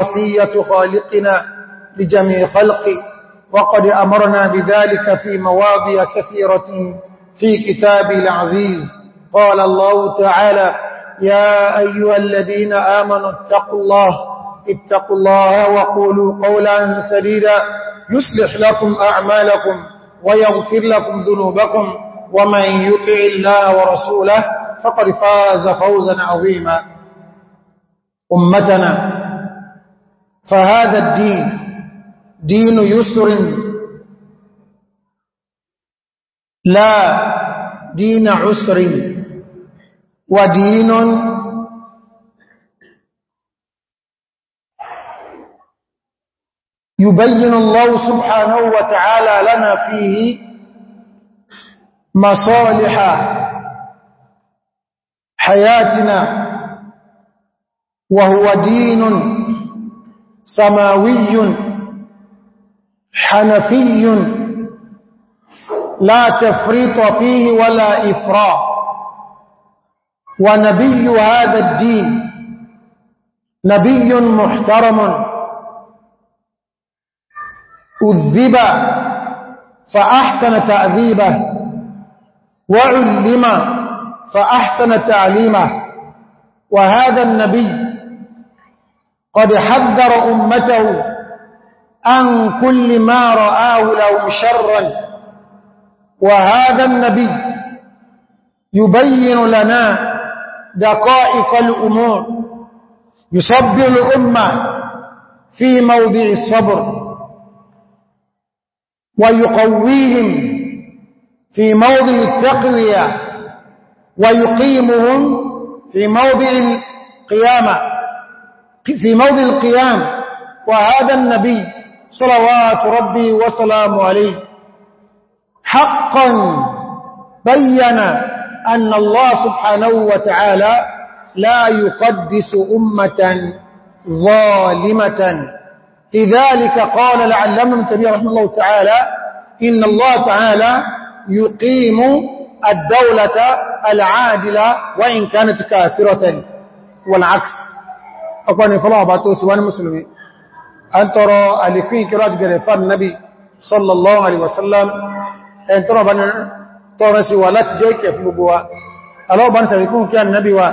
وصية خالقنا لجميع خلقه وقد أمرنا بذلك في مواضع كثيرة في كتاب العزيز قال الله تعالى يا أيها الذين آمنوا اتقوا الله اتقوا الله وقولوا قولا سديدا يصلح لكم أعمالكم ويغفر لكم ذنوبكم ومن يطع الله ورسوله فقد فاز فوزا عظيما أمتنا فهذا الدين دين يسر لا دين عسر ودين يبين الله سبحانه وتعالى لنا فيه مصالح حياتنا وهو دين سماوي حنفي لا تفريط فيه ولا إفراط ونبي هذا الدين نبي محترم أذب فأحسن تأذيبه وعلم فأحسن تعليمه وهذا النبي قد حذر أمته عن كل ما رآه لهم شرا وهذا النبي يبين لنا دقائق الأمور يصبر الأمة في موضع الصبر ويقويهم في موضع التقوية ويقيمهم في موضع القيامة في موضع القيام وهذا النبي صلوات ربي وسلام عليه حقا بين أن الله سبحانه وتعالى لا يقدس أمة ظالمة لذلك قال لعلم متبيع رحمه الله تعالى إن الله تعالى يقيم الدولة العادلة وإن كانت كافرة والعكس ọ̀pọ̀ ni fọ́lọ́ ọba tó síwá ní musulmi an tọrọ alikun ikirọ àti gẹ̀rẹ̀ fà nábi sallallahu alaihi wasallam ẹn tọrọ bá ní tọrọ sí wa láti jẹ́ ìkẹ̀ fún gbogbo wa alọ́ọ̀bá ní sàrikún kí annabi wa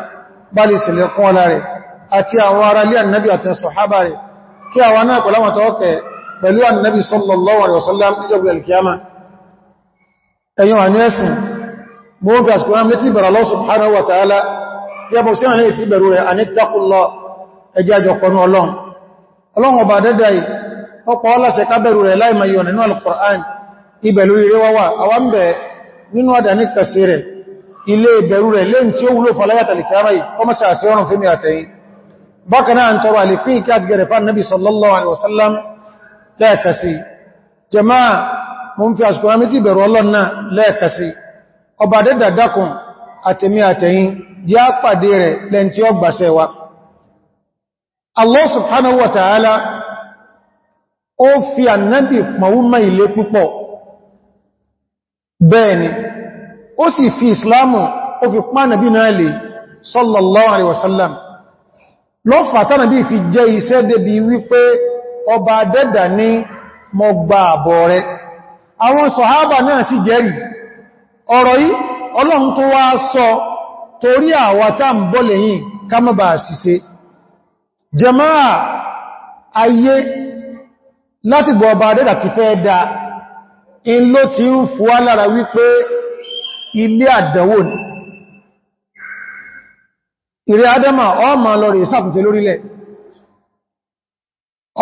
bá lè sílẹ̀ kún ọlá rẹ̀ àti àwọn ará lé annabi àti sọ̀hábà rẹ̀ kí àwọn náà pẹ̀lú àwọn tọ́ọ̀kẹ̀ pẹ̀lú annabi sallallahu alaihi wasallam níjọba alkiyama ẹ̀yàn ẹjẹ́ àjọpọ̀nú ọlọ́run ọlọ́run ọba dẹ́dà yìí ọpọ̀ ọlọ́sẹ̀ kábẹ̀rù rẹ̀ láì mayọ̀ nínú alkùrán ibẹ̀ lórí rẹ̀ wáwà àwọn bẹ̀ nínú àdà ní kàṣẹ rẹ̀ ilé ìbẹ̀rù rẹ̀ lẹ́yìn tí ó wúlò fàlàyàtàlìkì àtẹ̀mí àtẹ̀yìn jẹ́ àpàdé rẹ̀ lẹ́n tí ó gbàṣẹ́ wa Allah subhanahu wa ta'ala ó fi annabi pọ̀wúmọ̀ ilé púpọ̀ bẹ́ẹ̀ni ó sì fi islamu ó fi pánàbí náà lè sallallahu alaihi wasallam lọ fàtánàbí fi jẹ́ iṣẹ́ débi wípé ọba dẹ́dà ní mọ gba àbọ̀ rẹ̀ àwọn sọ̀hábà náà sì jẹ́rì ọ̀rọ̀ yìí ọlọ́run tó wá sọ torí àwátá ń bọ́lẹ̀ yìí ká má bàá jẹmáà ayé láti gbọ́ ọba adẹ́dà ti fẹ́ dá in ló ti ń fúwá lára wípé ilé àdánwò ní ìrẹ́ adẹ́mà ọmọ lọ́rẹ̀ ìsàkùnfẹ́ lórílẹ̀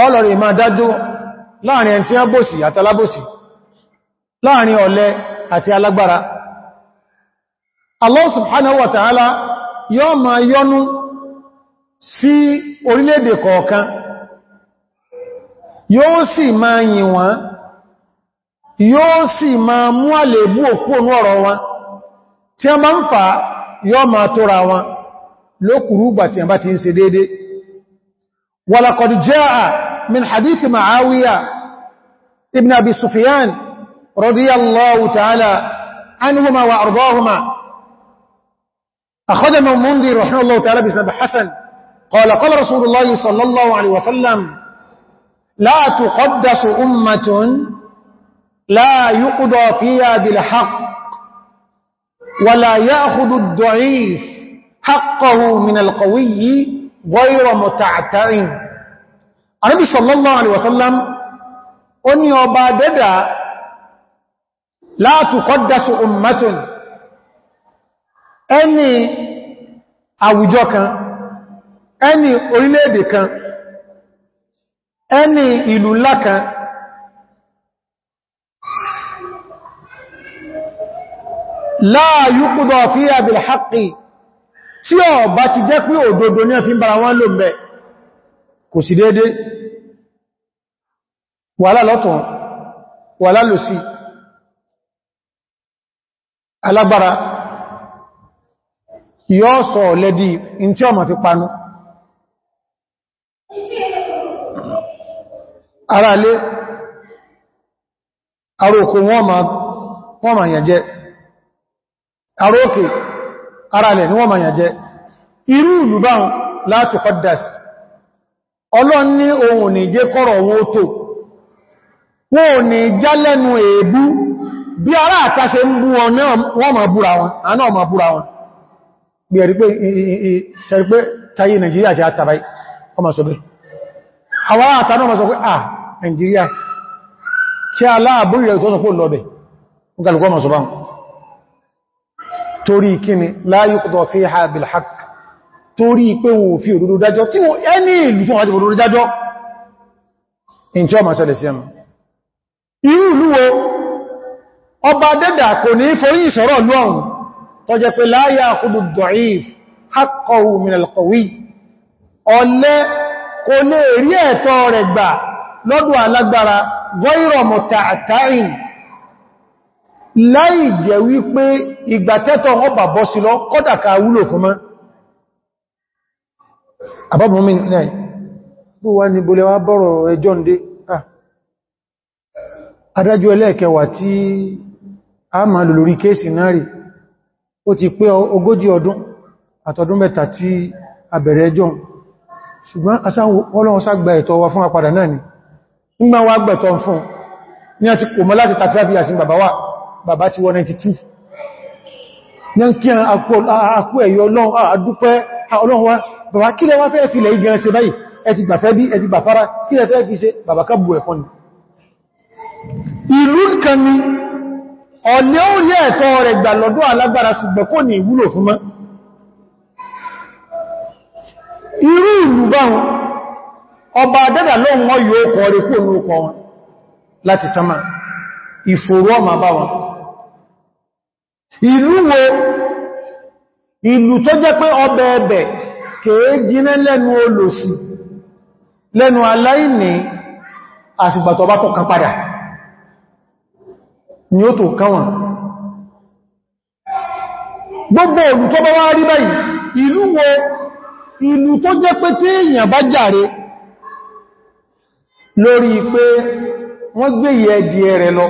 ọlọ́rẹ̀ ma dájú láàrin ẹni tí a bòsì àti alábòsì láàrin ọ̀lẹ àti alágbára Allah subhanahu wa ta'ala yọ́ ma yọ́nú sí orílẹ̀-èdè kọ̀ọ̀kan yóò sì máa yìn wọ́n yóò sì máa mú àlèébú òkú ònú ọ̀rọ̀ wọn tí a máa ń fà yóò máa tóra wọn lókùrúgbà tí a bá ti ń ṣe dédé walaqad jaa min hadithi ma'awiya ibn abi sufyan radiyallahu ta'ala anhuma wa ardahuma akhadha min ta'ala bi hasan قال قال رسول الله صلى الله عليه وسلم لا تقدس أمة لا يقضى فيها بالحق ولا يأخذ الضعيف حقه من القوي غير متعتع النبي صلى الله عليه وسلم أن يبادد لا تقدس أمة أني أوجوكا ẹni orílẹ̀-èdè kan ẹni ìlú ńlá kan la fi fiha bil haqqi tí ó bá ti jẹ́ pé òdodo ní ọ̀fí bara wọn lò mẹ́ kò sí dédé wàhálà lọ́tọ̀ wàhálà sí alágbára yóò sọ lẹ́dí in tí ọmọ fi panu ara lé ara òkú wọ́n ma wọ́n jẹ́ ara ara lẹ̀ ni wọ́n ma yàn jẹ́ irú ìlú láti fọ́dás ọlọ́n ní ohun ní jẹ́ kọ́rọ̀ owó tó wọ́n ní já lẹ́nu èébú bí ara àtàṣe ń bú wọn wọ́n ma búra wọn àná búra wọn pé pé Nàìjíríà àwọn àtàrí ọmọ sọ pé ah Nigeria kí aláàbúrú rẹ̀ tó sọ pé lọ́bẹ̀ nígbàlùkọ́ ọmọ sọ bá torí kíni láyé kọ́tọ̀ fi ha bilhak torí pé wò fi òdúdó dájọ́ tí wọ́n ẹni ìlú fún àti òdúdó dájọ́ in tí ọmọ sẹ́lẹ̀ kò lè rí ẹ̀tọ́ rẹ̀ gbà lọ́dọ̀ alágbára gọ́ìrọ̀ mọ̀ta àtàrin láì jẹ́ wípé ìgbàtẹ́tọ̀ wọn bọ́ sí lọ kọ́dàkà wúlò fún mọ́ náà bú wá ní bolẹ̀ wá bọ́rọ̀ ẹjọ́ ah. adájú ẹlẹ́ẹ̀kẹwà tí ṣùgbọ́n ọlọ́run sàgbà ẹ̀tọ́ wa fún àpadà náà ni nígbà wá gbẹ̀tọ́ fún ní àti kò mọ́ láti 35 years ní bàbá wà bàbá ti wọ 92 ní kí àkó ẹ̀yọ ọlọ́run àdúpẹ́ wa bàbá kí lẹ wá fẹ́ fi lẹ̀ igẹ̀rẹ́ ṣe báyìí ẹti gbàfẹ́ bí ẹti gbàfárá kí lẹ fẹ́ fi ṣe bàbá ká bù ẹ̀kọ́ ni ìlú kan ni ọ̀lẹ́ òní ẹ̀tọ́ rẹ̀ gbà lọ́dọ̀ alágbára ṣùgbọ́n iru ìlú bá wọn ọba dẹ́dà lóhun wọ́n yóò kọ̀ rí kó lóòkọ wọn láti sama ìfòrò ọmọ bá wọn ìlú wo ìlú tó jẹ́ pé ọba ẹbẹ̀ kèé jiná lẹ́nu olòsì lẹ́nu aláìní àfìgbàtọ̀ tó kan ni ó tó kan gbogbo ìlú báyìí ìlú tó jẹ́ pé tí èèyàn bá jàre lórí pé wọ́n gbé ìyẹ́dìẹ rẹ̀ lọ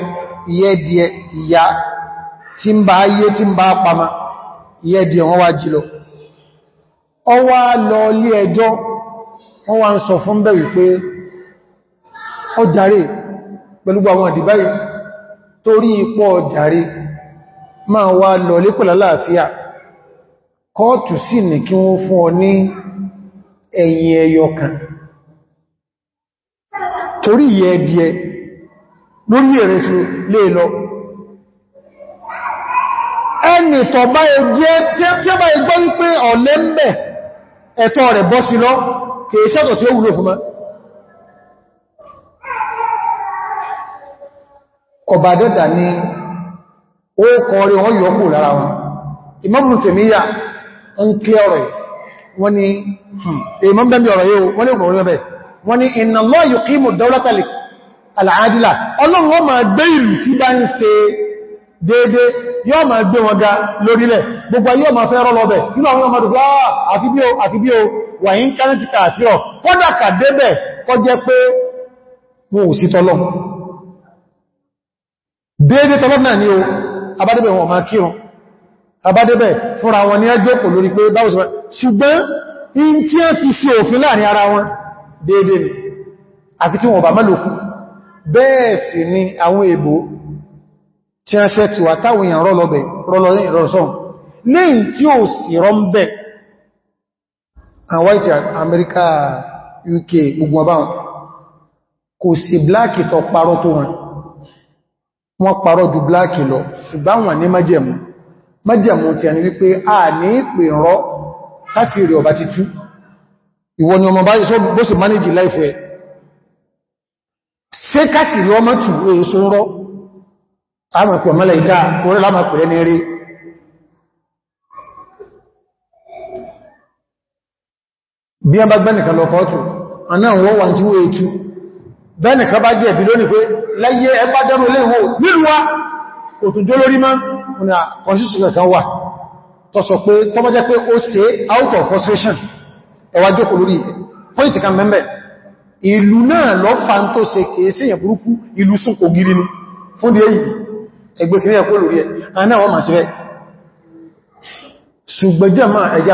ìyẹ́dìẹ ìyá tí ń bá ayé tí ń bá pàmà ìyẹ́dìẹ wọ́n wá jí ọwá lọ ilé ẹjọ́ wọ́n wá ń sọ fún bẹ̀ wípé jàre pẹ̀lú torí ipò jàre máa wá lọ lé kọ́ọ̀tù sì ní kí wọ́n fún ọ ní ẹ̀yìn ẹyọkàn torí ìyẹ ẹdíẹ lórí ẹ̀rẹ́sù lè e lọ ẹni tọ̀bá ẹjẹ́ tí ó bá ẹgbọ́ wípé ọ̀lẹ́ ń bẹ̀ ẹ̀tọ́ rẹ̀ bọ́ kìí sọ́tọ̀ tí ma ọba ni ó lára wọn Tèmíyà ń kí ọ̀rọ̀ wọ́n ni hmm, èèmọ́ bẹ́m̀bẹ̀ ọ̀rọ̀ yóò wọ́n ni ọ̀rọ̀ orí ọ̀bẹ̀ wọ́n ni inna Allah yuqimu ad-dawlata al-'adila ọlọ́run wọ́n máa gbé ìlú tí bá ń ṣe dédé yóò ah, ni o abádébẹ̀ wọn máa kírun àbádẹ́bẹ̀ fúnra wọn ní ẹjọ́ kò lórí pé báwọ̀sí wọn ṣùgbọ́n in tí ẹ fi sí òfin láàrin ara wọn déédé ni àfi tí wọn bá mẹ́lòkú bẹ́ẹ̀ sì ni àwọn èbò tí ẹ ṣẹ́ ti wà táwọn èèyàn rọ́lọ́bẹ̀ rọ́lọ́sọ́n lẹ́yìn tí ó UK gbogbo ọbáwọn kò sí bláàkì tó parọ́ tó wọn wọ́n parọ́ ju májẹ̀mú ti ẹni wípé a ní pè rọ káfíìrì ọba titu ìwọ ni ọmọ bá yíso bó sì manage life ẹ̀ ṣe káfíìrì ọmọ tù èso rọ àmàkù ọmọlẹ̀ ìdá orí lámàkù rẹ̀ rí bí ẹn bá gbẹ́nìkan lọ kọ́ọ̀tù aná wọ́n wà tí ní constitution kan wà tó sọ pé tó jẹ́ pé ó ṣe out of frustration ẹwà jókòó lórí point kan mẹ́mẹ́ ìlú náà lọ fa tó ṣe kèése yẹn burúkú ìlú sún kò gírí ní fún di èyí ẹgbẹ́ kìí ẹ̀kọ́ lórí ẹ̀ aná wọ́n máa sí rẹ̀ ṣùgbẹ́jẹ́ máa ẹjá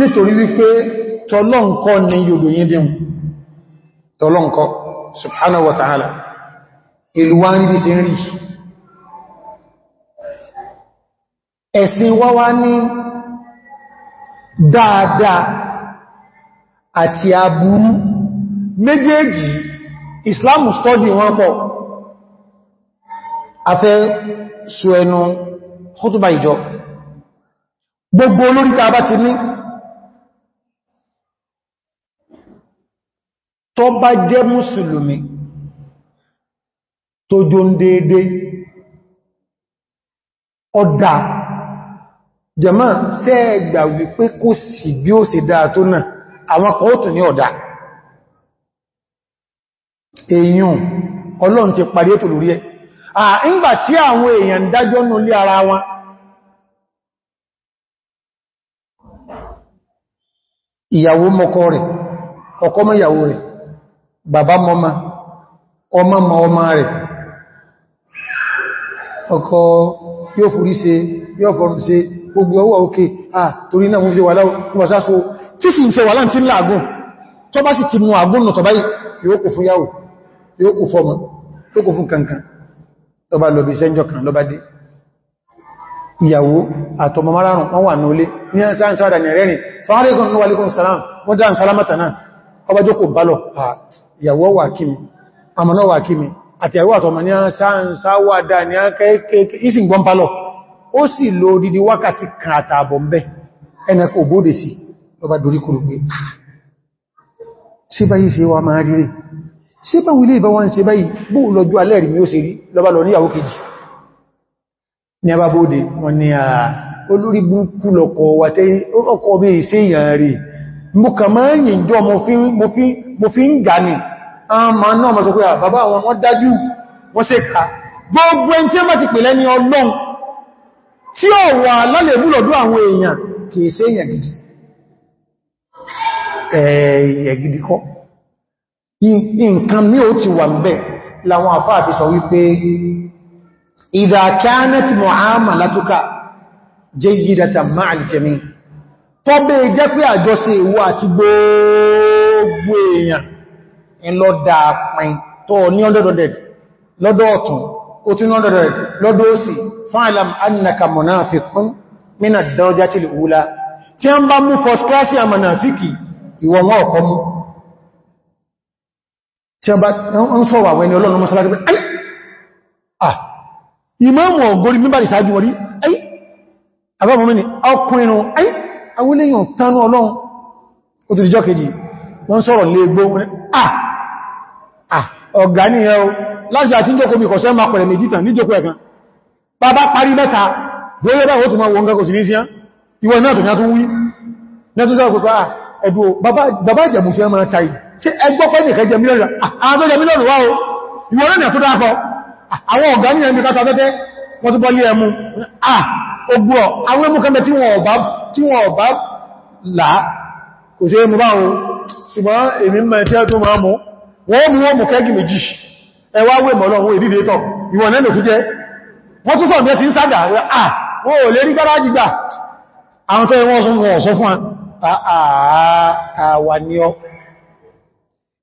nítorí wípé tọ́lọ́nkọ́ ni yóò yí dínú tọ́lọ́nkọ́ subhanahu wa ta'ala ìlú wá ní bí sí rí ẹ̀sìn wá ní dáadáa àti aburú méjèèjì islamu study wọn pọ̀ afẹ́ sọ ẹnu kútùbà ìjọ gbogbo olóríta bá ti ní tó bá jẹ́ mùsùlùmí tó jọ ń déédé ọ̀dá jẹ̀mọ́ sẹ́ẹ̀gbà wípé kò sí bí ó sì dáa tó náà àwọn kan ó tún ní ọ̀dá èèyàn ọlọ́run ti parí ètò lórí ẹ̀ àìgbà tí àwọn èèyàn dájọ́ nù lé ara wọn ìyàwó mọ́kọ rẹ̀ ọkọ mọ́ ìyàwó rẹ̀ bàbá mọ́má ọmọ ma ọmọ rẹ̀ ọkọ̀ yóò fúrí se yóò fọ́rún se gbogbo ọwọ́ òkè à torí náà mú sí wàlá kúbàsáso tí sì ń se wàlá tí ń láàgùn tó bá sì ti mú àgùn nà tọ́bá yóò kò fún yàwó yóò kò fọ́mọ yóò kò fún kankan tó bá lọ́bí sẹ́njọ kan lọ́bá dé ìyàwó àtọmọ márùn-ún wọ́n wà ní olé ní ìyàwó wà kí mi àmàná wà kí mi àti ẹ̀rọ àtọmọ ní sáàwádà ní ìsìngbọ́n pálọ̀ ó sì lo dídí wákàtí kan àtààbọ̀ mbẹ́ ẹnẹ́kọ̀ òbóde sí lọba dorí kúrò pé síbá ah, yìí ṣe wá máa rí rẹ̀ síbá wílé ìbá wá ń ṣe báyìí bó lọ́jú alẹ́rìí mi ó ṣe rí mo kàn máa ń yìnjọ mo fi ń gà ní ọmọ náà mọ̀ sọ pé bàbá wọn wọ́n dájú wọ́n ṣe ká gbogbo ẹn tí ó máa ti pè lẹ́ni ọlọ́un tí ó wà lọ́lẹ̀bú lọ́dọ̀ àwọn èèyàn kìí ṣe èèyàn gidi èèyàn gidi kọ́ nǹkan mí ó ti wà ń bẹ̀ láwọn àfáà sọ wípé idha kanat tọ́bẹ̀ jẹ́ pé àjọsí ìwọ àti gbogbo èèyàn ìlọ́dà pin tọ́ ní 100 lọ́dọ̀ ọ̀tún ó tún 100 lọ́dọ̀ òsì fa'alam annaka munafiqun min ad-darajati al-ula tí a ń bá mú first class ya munafiki ìwọ wọn ọ̀kọ́ mú tí a bá ń sọ̀rọ̀ àwọn ẹni ọlọ́run mọ́sálásí pé ay ah ìmọ́ ọgọ́rí mímbàrí sáájú wọ́n rí ay abáwọn mẹ́ni ọkùnrin ay àwọn eléyàn tánú ọlọ́run ó tó dìjọ́ kejì wọ́n sọ̀rọ̀ lè gbó ọ̀gá ní ẹ̀ o láti àti ìjọ́kọ́ mi kọ̀ṣẹ́ máa pẹ̀lẹ̀ méjì tàn níjọ́kọ́ ẹ̀kan bàbá parí mẹ́ta gbóyẹ́ bá wọ́n tó máa wọ́n gẹ́kọ̀ sí ní síyán ìwọ̀n náà tó ní àtún wí nẹ́tún sọ́rọ̀ pẹ̀lú ẹ̀dù bàbá ìjẹ̀mù sí ẹmọ tàì ṣe ẹgbọ́ pẹ́ nìkan jẹ mílíọ̀nù àwọn tó jẹ mílíọ̀nù wá ah ogbọ́ àwọn ẹmú kan bẹ tí wọ́n ọ̀bá tí wọ́n bá là kò sí mú bá wọn ṣùgbọ́n èmi mẹ́ tí ẹ tó máa mú wọ́n mú wọ́n mú kẹ́gì méjì ẹwà wé mọ́lọ́run èdìdè tọ́ ìwọ̀n lẹ́nà tó jẹ́ wọ́n tún sọ̀rọ̀ ti ń sádà wọ́n ò lè rí gáràjì gbà àwọn tó ẹwọ́n sọ fún ọ̀sọ́ fún àwà ní ọ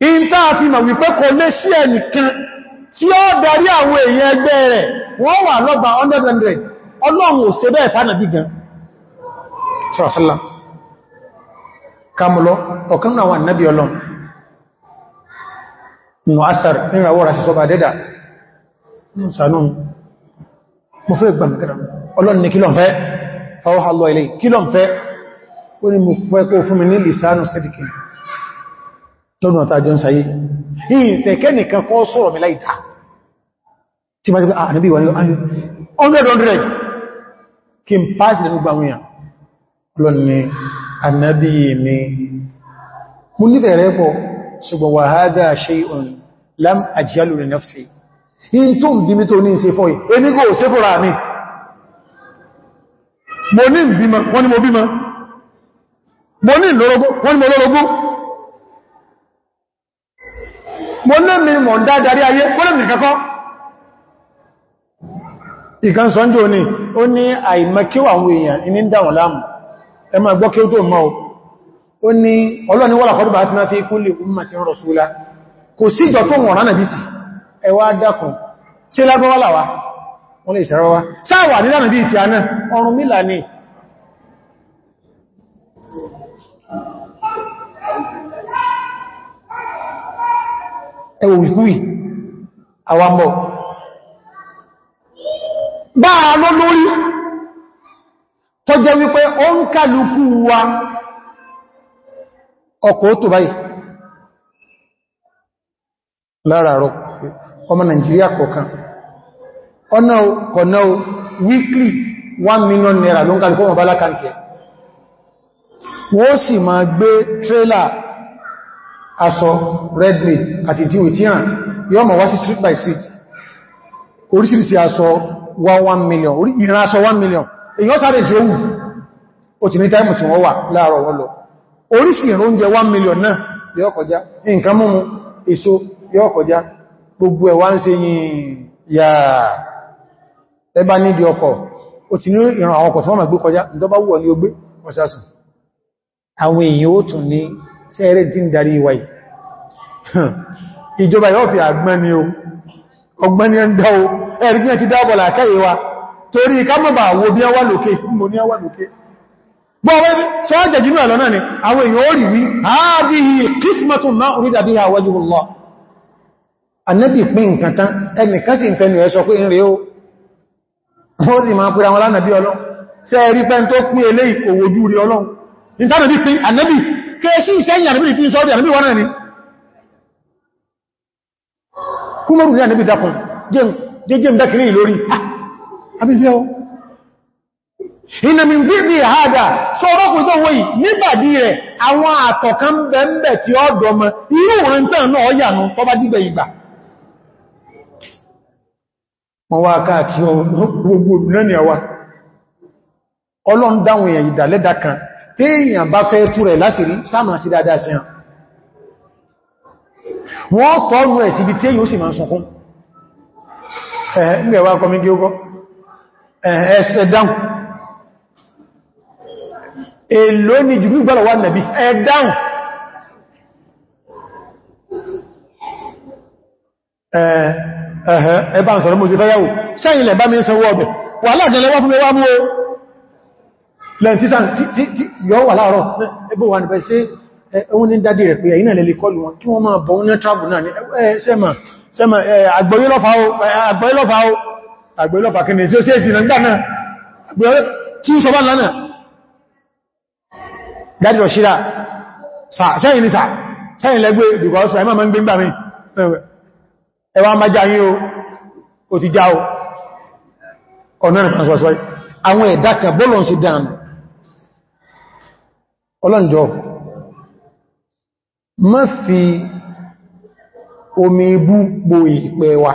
ìntà àfi mà wípé kò lé sí ọlọ́run ò ṣe bẹ́ẹ̀ fánàbí gan sọ́rọ̀sọ́lá kamulọ ọ̀kan náà wà nábi ọlọ́n nù asar nínú àwọ́ rasẹ̀ sọba dẹ́dà nù sànú mo fẹ́ gbà mẹ́kẹ́rẹ̀ ọlọ́n ni kílọ̀ fẹ́ fọwọ́ halọ ilé kílọ̀ fẹ́ ó ní mo fẹ́ kó fún mi ní lìsánù sídìkì lọ́dún ọ̀tá jọ ń sayé ìfẹ̀kẹ́ nìkan kọ́ sọ̀rọ̀ mi láìdá tí lónìí annabi mi mú nífẹ̀ẹ́ rẹ̀ pọ̀ ṣùgbọ́n wà hádá shay'un lam ajyalu li nafsi in tó ń bí mi tó ní ṣe fọ́ yìí èmi kò ṣe fọ́ra mi mo ní bímọ wọ́n ni mo bímọ mo ní lórogó wọ́n ni mo lórogó mo ní mi mọ̀ dáadáa ayé wọ́n ni kẹ́kọ́ ìkan sọ́njọ́ ni ó ní àìmẹ́kíwà àwọn èèyàn ní dáwọn láàmù ẹ máa gbọ́ kí ó tó mọ́ ó ní ọlọ́ni wọ́la kọ́dùbà àti náà fi kulli Ko rasula kò sí ìjọ tó wọ̀n ránà bí sí ẹwà dákùn lágbọ́wọ́lá wa wọ́n lè wa sáàwà bá a lọ lórí tó jẹ́ wípé ó ń kàlùkù wa ọkọ̀ tó báyìí láràárọ̀ ọmọ Nàìjíríà kọ̀ọ̀kan ọ̀nà kọ̀nà weekly 1 million naira ló ń kàlùkù ọmọ bá lákàntì ẹ̀ wọ́n sì máa gbé trailer aṣọ red maid àti ìdíwẹ̀ tí hàn yọ́ ma wá sí street by street oríṣìíríṣìí aṣọ 1 million ìran aṣọ 1 million èyàn sáré jẹ́ òwú o ti ní táìmù tí wọ́n wà láàrọ̀ wọ́n lọ orísìí ìrúnjẹ 1 million náà yóò kọjá nǹkan mú èso yóò kọjá gbogbo ẹwà ń ṣe yà ẹbá nídi ọkọ̀ o ti ní ìran àwọn ọkọ̀ tí wọ́n gbé kọjá ìjọba wùwọ̀ ní ni ó ń dá o ẹ̀rí bí wọ́n ti wa torí kámọ̀bà wo bí wà lókè mo ní wà lókè bọ́ wọ́n ní sọ jínú ẹ̀lọ náà ni àwọn èèyàn orí wí ma urida biha wajhullah annabi pín nǹkan tán ẹnìkan sì nǹkan nìyẹn sọ pé ń o ó sì máa pèrè àwọn lánàbí ọlọ́run ṣe rí pẹ́ annabi abífẹ́ o iná mi bíbí àádà sọ ọ̀rọ̀kù tó wọ́yí nígbàdí rẹ̀ àwọn àtọ̀kan bẹ̀m̀bẹ̀ tí ó dọmọ irú òrin tàn náà yànú tó bá dígbẹ̀ ìgbà wọ́n wá káàkiri gbogbo lẹ́ni àwá ọlọ́n dáwọn èèyàn ìdàlẹ́dà kan tí èèyàn bá fẹ́ tú ẹ̀ẹ́sẹ̀ dáhùn èlò ní jù gbígbàlọ̀ wà nàbí ẹ̀dáhùn ẹ̀bá ń sọ̀rọ̀ mú sí fẹ́yàwó sẹ́yìn lẹ̀bá mi ń sanwó ọbẹ̀ wà láàrín fún mẹ́wàá mú o lẹ́ntísàn tí yọ wà láàrọ̀ ẹbọ́ wà nípa ṣe ohun ní dádì rẹ̀ pé ẹ̀yìn náà lè kọlù àgbẹ̀lọ́pà kí ni sí ó sí èsì ìrìnlẹ̀ náà àgbẹ̀lọ́pà tí ó sọ bá lánàá dájú ọ̀ṣíra sẹ́yìn ní sà sẹ́yìn lẹ́gbẹ́ ìdìkọ̀ọ́sọ̀ ẹmà mọ́ ń gbé ń bà mí ẹwà má já yí o ti já o ọ̀nà ìfàṣọ́sọ́ àwọn ẹ̀dá kan bọ́lọ̀n sí dáàmù ọlọ́njọ́ má fi omi ibú po ìpẹ́ wa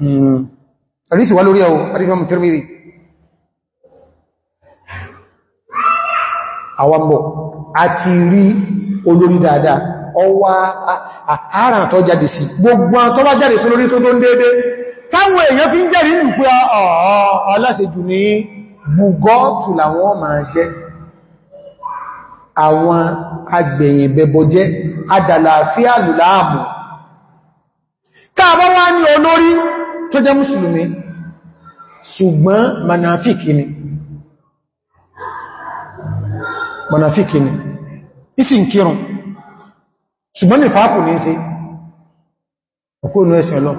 hmm àdísì wà lórí ẹ̀wọ̀ àdísì mọ́mù tírmìrì àwọ̀mọ̀ àti rí olórí dáadáa ọwá àárà tó jáde sí gbogbo tó bá jáde sí olórí tó tó ń dédé táwọn èèyàn fi ń jẹ́rìí nù pé ah, ah, ah, aláṣejù àwọn agbẹ̀yìn bẹbọjẹ́ adàlàáfíà lùláàmù tàbá wá ní olórí tó jẹ́ mùsùlùmí ṣùgbọ́n manáfíkì ni manáfíkì ni isi ń kírùn ṣùgbọ́n ní fàákù ní sí ọkó inú ẹsẹ̀ lọ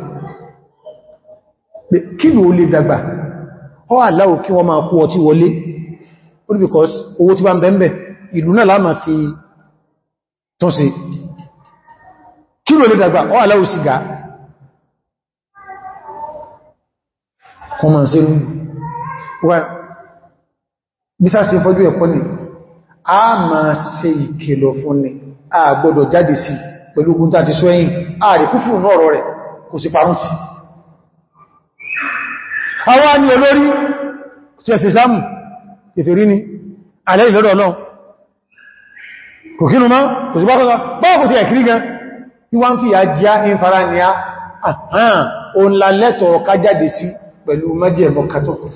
kí ló lè dàgbà ọ aláwò kí wọ́n máa kú ọtí wọlé only because owó tí bá ń bẹ̀m̀bẹ̀ ìlú náà láàmà fi tọ́sí kí ló lè dàgbà ọ aláwò sìgá kan ma ṣe rú wà bísá sí fọ́jú ẹ̀kọ́ ni a ma ṣe ìkèlọ̀ fún ni a gbọ́dọ̀ jáde sí pẹ̀lú ogun tàbí sọ ẹ̀yìn a rí kúfù náà ọ̀rọ̀ rẹ̀ kò sí parún sí àwọn ni olórí tí ẹ̀sì sáàmù ìfèrí ni alẹ́ ìlọ́dọ̀ náà kò kínú máa kò sí bákọ́ta báwọn kò sí ẹ̀kìrí gan ìwá ń fi àjíyá ń pẹ̀lú májẹ̀mú katókù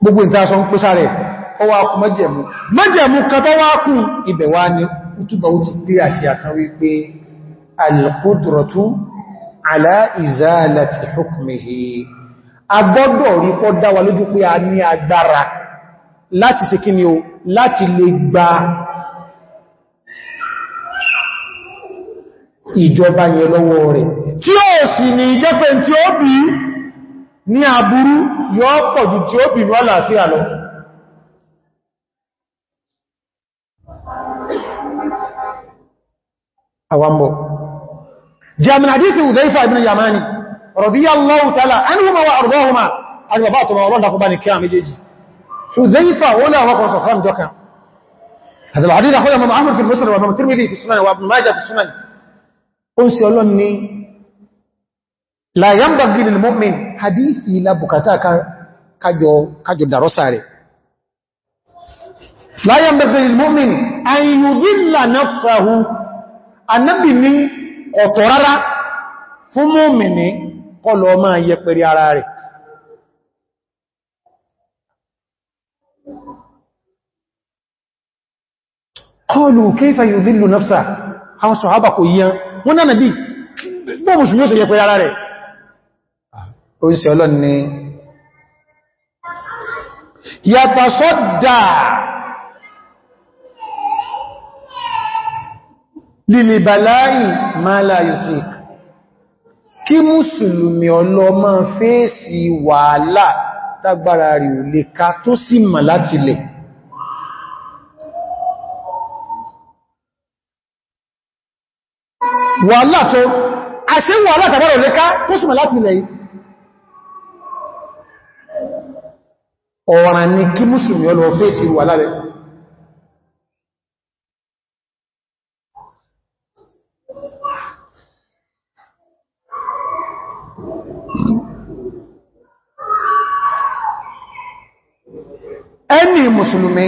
gbogbo ìtaṣọ ń pèsà rẹ̀ ọwá kú májẹ̀mú májẹ̀mú katọ́wá kú ibẹ̀ wá ní kútùbà ó ti pé àṣì àkan wípé alìkútùrọ̀tú ìjọba yẹ lọ́wọ́ rẹ̀ tí ó sì ní ìjẹ́pẹ̀ tí ó bí ní àbúrú yọ pọ̀jù tí ó bí ní ọlàáfíà lọ àwambọ̀ jẹ́mìn àdísì Hudhayfa ibn Yamani radiyallahu ta'ala anhuma wa هذا الحديث أخذ أمام أحمد في المسلم وأمام الترمذي في السنن وابن ماجه في السنن ó ń se ọlọ́n ní hadithi ilá bukata kájọ dàrọ́sà rẹ̀ láyánbà gílì mọ́mìn ayyudilla nafsahu annabi ní ọ̀tọ̀ rárá fún mọ́mìnì kọlọ máa yẹpẹrẹ ara rẹ̀ قالوا كيف يذل نفسه àwọn sọ̀hábà kò yíyán wọ́n náà nàbí gbọ́ mùsùlùmí ó sì yẹ pé ara rẹ̀ ó ah, ń ṣe ọlọ́ni ni yàtàṣọ́dà lílìbàláì mala yutik kí mùsùlùmí ọlọ́ máa fèsì wàhálà tágbára rí ò ká tó sì mà láti wàhálà tó àṣẹ wàhálà tàbárò lẹ́ká tó sì mẹ́ láti ilẹ̀ yìí ọ̀ràn ni kí mùsùlùmí ọlọ́ fèsì wàhálà rẹ̀ ẹni mùsùlùmí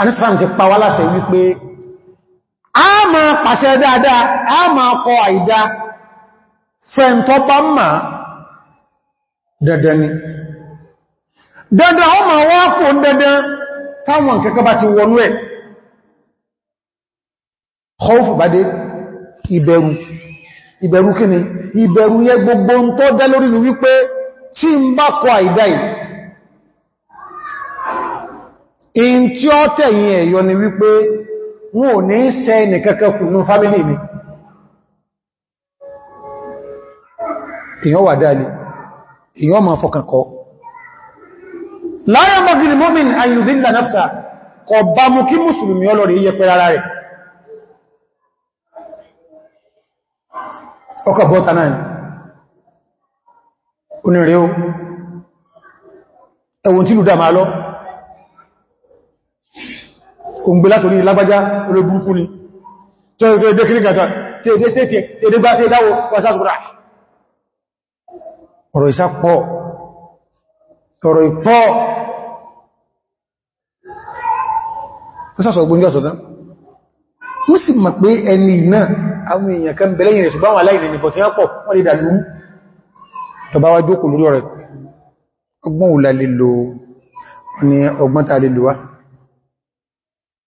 àti france pàwálàṣẹ wípé ma pàṣẹ dáadáa a ma kọ àìdá fẹ́ntọ́pá ma dandan ni dandan ó ma wá kò dandan táwọn kẹ́kẹ́ bá ti wọnú ẹ̀ kọ́ọ̀fù bá dé ìbẹ̀rù ìbẹ̀rù kí ni gbogbo ń tọ́ dá lórí wípé tí ń bá kọ àìdá in tí ni wípé wọn ò ní ṣe nìkankan kù ní fámílì mi èyàn wà dáadé èyàn ma fọkànkọ́ láyé mọ́gìnì mọ́mìn ayyùdínlá náfsà kọ bá mú kí mùsùlùmí ọlọ́rẹ̀ yíyẹ pẹ́ rárá rẹ̀ ọkà bọ́ta náà onírẹ̀ ẹwọ̀n tí lùdá máa lọ́pàá òǹgbé látorí lágbájá olóbúrúkú ni tó ẹgbẹ́ ẹgbẹ́ kìrì gàgà tí èdè sẹ́fẹ́ èdè bá tí ìdáwò wáṣàkùrà ọ̀rọ̀ ìsápọ̀ tọ̀rọ̀ ìpọ̀ tó sàṣọ̀ gbónjọ́ sọ̀dá ni sì mọ̀ pé ẹni náà àwọn èèyàn kan bẹ̀lẹ̀ yìnrẹ̀ ṣùgbọ́n àwọn aláìrìn nìbọ̀ tí wọ́n pọ̀ wọ́n lè wá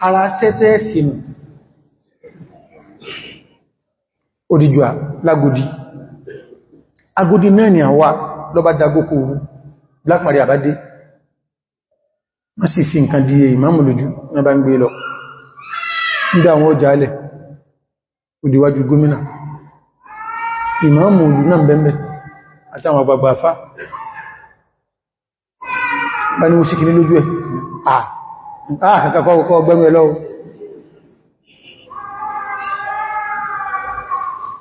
ara sẹ́tẹ́ sínú òdìjúà lágodi agodi náà ni àwá lọ́bá dagókò orú black maria bá dé wọ́n sì fi nǹkan di ìmáàmù lójú náà bá ń gbé lọ nígbà àwọn ọjà alẹ̀ òdíwájú gómìnà ìmáàmù olú náà bẹ́m̀bẹ̀ àtàwọn àgbàgbà afá bá ní Ah, àkàkọ́ ọkọ̀ ọgbẹ́mù ẹlọ́wọ́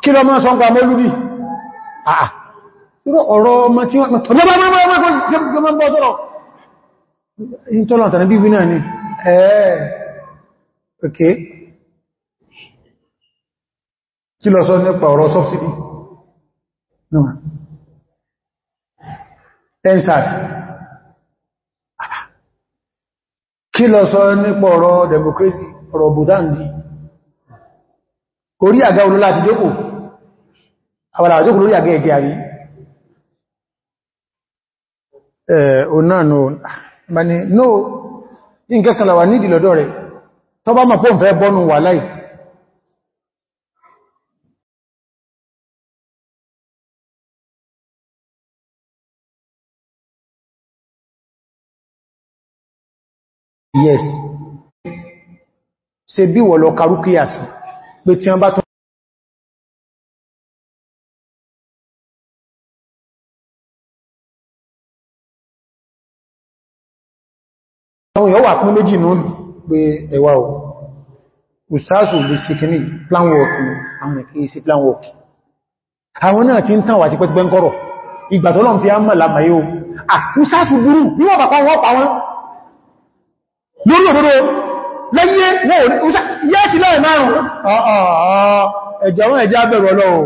kí lọ mọ́ sọ ń pa mọ́lúdì àà ọ̀rọ̀ ọmọ tí wọ́n kí lọ sọ nípa ọ̀rọ̀ subsidy? no. 10 stars kí lọ sọ nípa ọ̀rọ̀ democracy ọ̀rọ̀ bùtáǹdì orí àga olú láti jókò àwọn àjókò lórí àga ẹ̀jẹ̀ àrí ọ̀nàánú mani no nǹkan kan la wà nídìí lọ́dọ̀ rẹ̀ tó bá ṣe bí wọ̀ lọ karúkíyà sí pé tí wọ́n bá tó àwọn èèyàn wà kún méjì náà pé ẹwà ò ìsáàsù lè ṣe kìíní plan work àwọn ìkìí sí plan work àwọn náà ti ń tàn wà ti pẹ́tipẹ́ ń kọ́rọ̀ ìgbàtọ́lọ́n fi á mọ̀ lábàáyé o à ìsáàsù burú lórí òdòdó lẹ́yẹ́ wọ́n ò ní yẹ́sì lẹ́ẹ̀ márùn-ún ọ wọ́n ẹ̀jẹ̀ abẹ̀rù ọlọ́run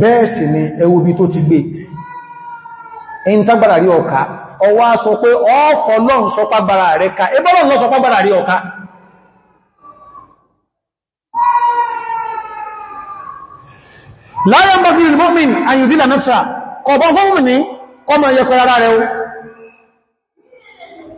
bẹ́ẹ̀ sì ni ẹwú bí tó ti gbé ẹni tágbàrà rí ọ̀ká ọwá sọ pé ọ́fọ́ lọ́n sọ pàgbàrà rẹ̀ ká ẹbọ́lọ́n lọ́ sọ pàgbàrà rí ọ̀ká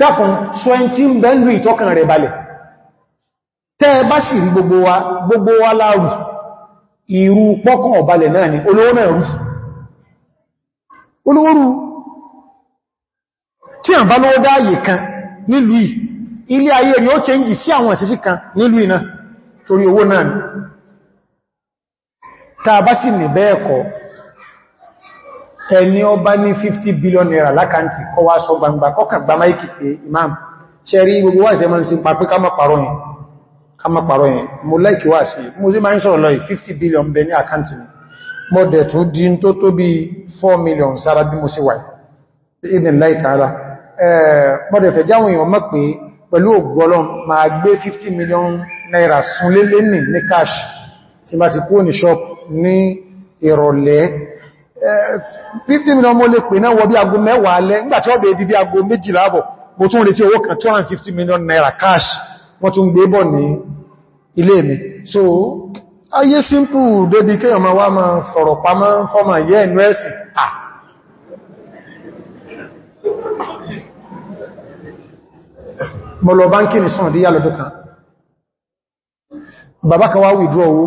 dákan sọ ẹn tí ń bẹ ń lú ìtọ́kàn rẹ̀ balẹ̀ tẹ́ gbogbo wa gbogbo wa láàrù ìrù pọ́kàn ọ̀balẹ̀ náà ni olówó náà olówó rú tí à lówó dáàyè kan nílùú ilé ayé ni ó chẹ́njì sí àwọn kan nílùú iná ẹni ọba ní 50 billion naira lákàntì kọ wá sọ gbangba kọkà gbá máìkì pé imam ṣẹ́rí gbogbo wáṣẹ́ ma ń sin pa pé ká má parọ́ yẹn ká má parọ́ mo láìkì wá sí mo sí ma ń sọ̀rọ̀ lọ́yìn 50 billion bẹ ní àkántì mi mo dẹ̀ tún di tó tó bí 4 million sára bí mo sí wà ìdìn láìtàára mo dẹ̀ fẹ́ jáwọn èèyàn mọ́ pé million naira sun lélé ní ní cash tí shop ní ìrọ̀lẹ́ 50 million mo lè pe na wo bi ago mẹ́wàá alẹ́ nígbàtí ọ̀bẹ̀ ibi bi ago méjìlá àbọ̀ mo tún retí owo kan 250 million naira cash wọ́n tún gbé bọ̀ ní ilé mi so ayé simple débi kéèyàn ma wá ma fọ̀rọ̀ pamọ́ fọ́mà yẹ́ ẹ̀nú ẹ̀sìn ah mo lọ báńkì ní sàn díyà lọ́dún kan bàbá kan wá withdraw owó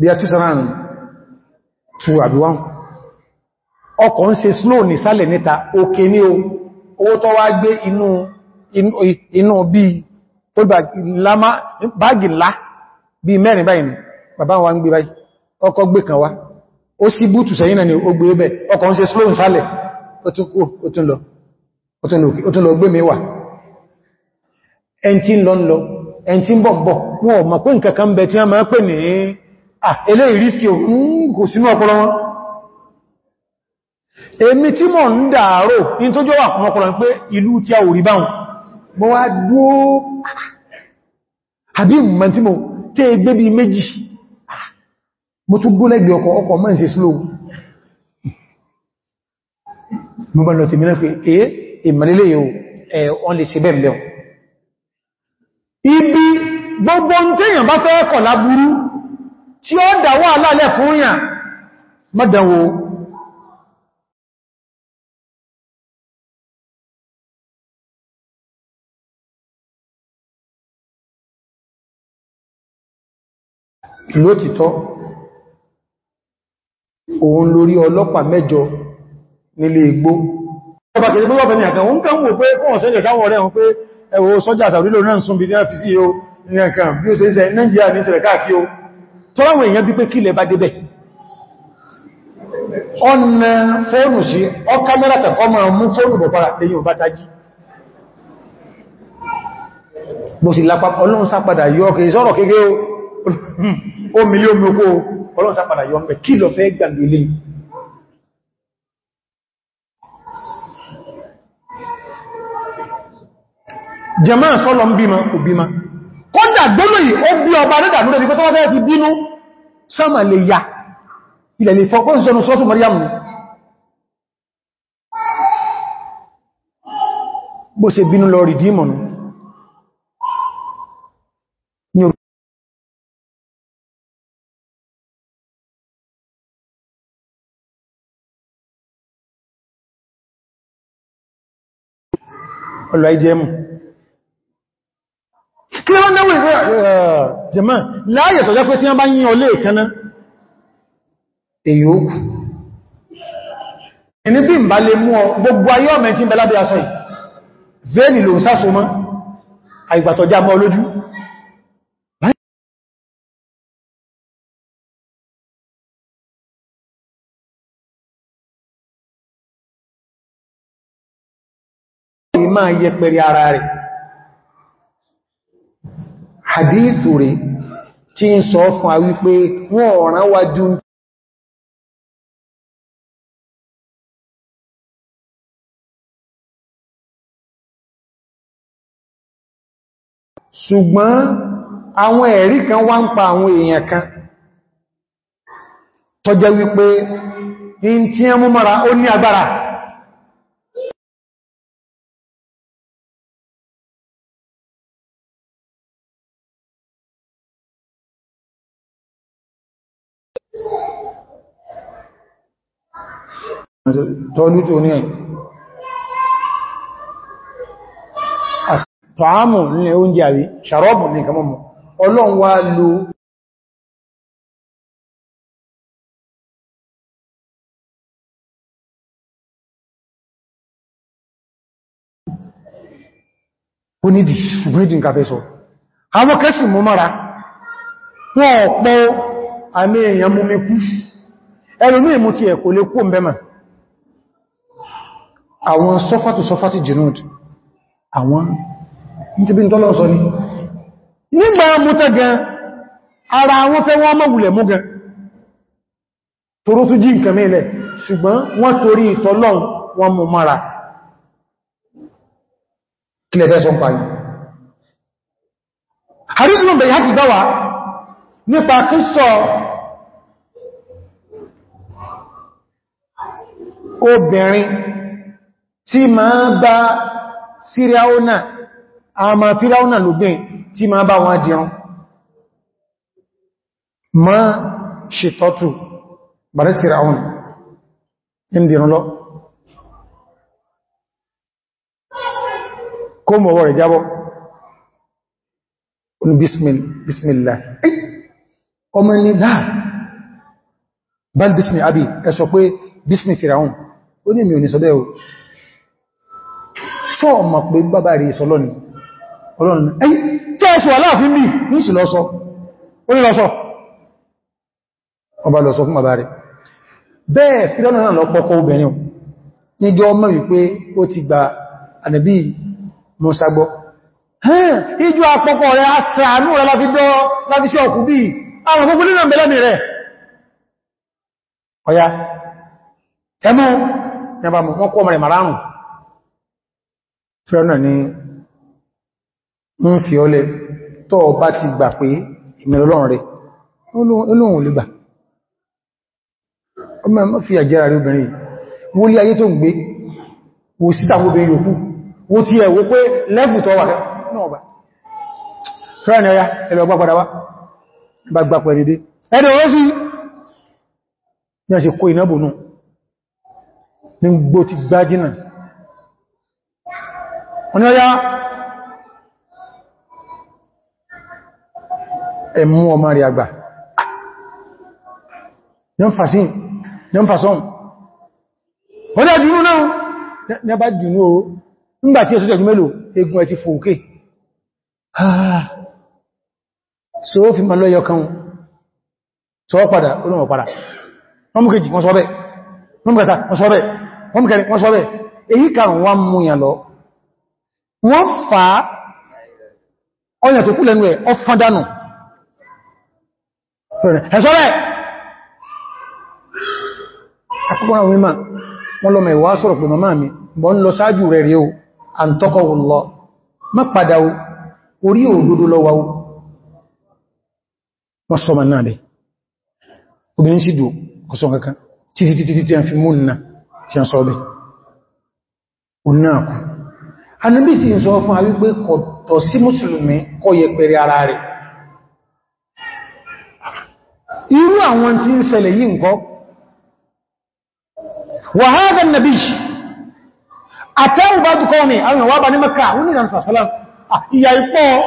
bí i 2,000 two àbí one ọkọ̀ ń ṣe snow ní sálẹ̀ níta òkè ní owó wá gbé inú bí báàgì ńlá bí mẹ́rin báyìí bàbá wa ń gbé báyìí ọkọ̀ gbé kan wá ó sì bútù sẹ́yìn náà ni ó gbé ẹbẹ̀ ọkọ̀ ń ṣe snow ní sálẹ̀ ó tún lọ gbé ẹn tí ń lọ ń lọ ilé ah, ìrísíkì hmm, kò sínú ọpọlọ wọn èmi tí mọ̀ ń dàárò ní tó jọ wà fún ọpọlọ pé ìlú tí a ò rí báhùn mọ́ wá dúó àbí mọ̀ tí mọ̀ tí è gbé bí méjì ah, mo tún gbó lẹ́gbẹ̀ ọkọ̀ ọkọ̀ mọ́ ìṣẹ́ slow mo bá lọ tèmi pé é ìmọ̀lélé yóò ẹ̀ lè ṣe bẹ́ẹ̀ ibi gbogbo ń tèèyàn bá fẹ́ kọ̀ láburú tí ó dáwọ́ alálẹ̀ fún yàn mọ́dẹ̀wò lótìtọ́ òun lórí ọlọ́pàá mẹ́jọ nílé igbó ọba kìí bó wọ́pẹ̀ ní àkàn òun kàn wò pé fún ọ̀sẹ́lẹ̀ sáwọn ọ̀rẹ́ wọn pé ẹwọ sọ́jà sàrílò náà ń sún bí i ní àfisí o ní àkàn bí ó ṣe ń sẹ tọ́láwọn èèyàn bí pé kílẹ̀ bá débẹ̀ ọ̀nà fóònù sí ọ kámẹ́rà tẹ̀kọ́ máa mú fóònù bọ̀ para lẹ́yìn ọba tají bó sì lápá ọlọ́run sápadà yọ kìí sọ́rọ̀ kéèké ó mílí omi okó ọlọ́run sápadà yọ mẹ́ kí lọ fẹ́ gbàndìlé jẹmọ́ sọ́lọ ń bímọ òbímọ kódà gbónú yìí ó bí ọba rẹ̀ dànú rẹ̀bí kọ́tọ́wọ́ sẹ́yẹ̀ ti bínú sáàmà lè yà ilẹ̀ lè fọ́kọ́ ìṣọ́nù sọ́tù Maryam bó ṣe bínú lọ rí dímọ̀ ọlọ́ ìjẹ́mù kí wọ́n náwó ìwé jẹ̀mọ́ láàyè tó jẹ́ pé tí wọ́n bá yín ọlé ìkaná èyí òkú ẹni bí n bá lè mú ọ gbogbo ayé ọmọ tí ń aṣọ yìí vẹ́ẹ̀lì lò sáso mọ́ mọ́ olójú máa ara hadithu re tí fún a wípé ṣùgbọ́n àwọn ẹ̀rí kan wá ń pa àwọn èèyàn kan wípé tí tọ́lútò ní ẹ̀ àtọ́ámù ní oúnjẹ àrí ṣàrọ́bù ní lo ó ní dì ṣùgbọ́n ìdí nǹkan fẹ́ sọ àwọn kẹsì mú mara wọ́n ọ̀pọ̀ àmì èèyàn mú mẹ́kú ẹlùmí ti ẹ̀kọ́ lè kó àwọn sọfàtù sọfàtù jìnúd àwọn nítorí tọ́lọ̀ sọ ní nígbà mútẹ́ gan ara àwọn fẹ́ wọ́n mọ́ wùlẹ̀ mú gan toró tó jí nǹkan mẹ́lẹ̀ ṣùgbọ́n wọ́n torí ìtọ́lọ̀ wọn mú mara kílẹ̀fẹ́ sọ pàáyì àrísùnú bẹ̀yà ti gbáwà obìnrin tí ma bá fíráúnà àmà fíráúnà lògbìn tí ma bá wọn jẹun ma ṣètọ́tù bàrẹ́ fíráúnà ìdìrún lọ kó mọ̀wọ́ rẹ̀ jábọ́ ní bismillah ọmọ ni dáa bá bismi abi ẹ sọ pé bismi fìràun ó ní mi ò ní sọ bẹ́ẹ̀ sọ́ọ̀mọ̀ pé bàbá rí lọ́nà ọlọ́nà ẹ̀yí tẹ́ẹ̀sù aláàfin bí ní sí lọ́sọ́ ó ní lọ́sọ́ ọba lọ́sọ́ fún bàbá bẹ́ẹ̀ fílọ́nà náà lọ pọ́kọ́ obìnrin níjọ ọmọ wípé ti gba a kọ́ ọmọ rẹ̀ fẹ́rànà ni ń fi ọlẹ̀ tó ọba ti gbà pé ìmìlọ́lọ́run rẹ̀ olóhun lè gbà ọmọ ẹmọ́ fi àjẹ́ra rí obìnrin wó lé ayé tó ń gbé wò ya ẹlọ ọgbà padà wá gbàgbà pẹ̀lẹ̀dẹ́ ẹ̀dẹ̀ ọ̀rọ̀ sí ní a ṣe kó ìnábò náà ní gbó ti wọ́n yá ẹ̀mú ọmọ rẹ̀ àgbà yọ́n fàṣín yọ́n fàṣọ́n wọ́n yá jùnú náà ní a bá jùnú o nígbàtí ẹ̀sùsẹ̀ jù mélòó egun ẹ̀ ti fò òkè ah. so ó fi ma lọ́yọ kan sọ padà olóòwò padà wọ́n mú kejì wọ́n sọ bẹ́ẹ̀ wọ́n mú kẹta wọ́n sọ bẹ́ẹ̀ wọ́n mú kẹrin wọ́n sọ bẹ́ẹ̀ èyí karùn-ún wá mú yàn lọ wọ́n fa ọyàn tó kú lẹ́nu ẹ̀ ọfán dánù ẹ̀ṣọ́rẹ̀ akọ́kọ́ àwọn mímọ̀ wọ́n lọ mẹ́wàá sọ̀rọ̀ pé màmá mi mọ́ ń lọ sáájú rẹ̀ rí o lọ má padà o orí òdodo lọ wa o ma Ànábì sì ń sọ fún a wípé sí mùsùlùmí yẹpẹrẹ ara rẹ̀ irú àwọn tí ń yìí wa hadha an-nabiy àtẹ́wù bá dùkọ́ ní àwọn ìwà bá ní Mẹ́kà wọ́n ní ìrànsà sálàm ìyà ipọ́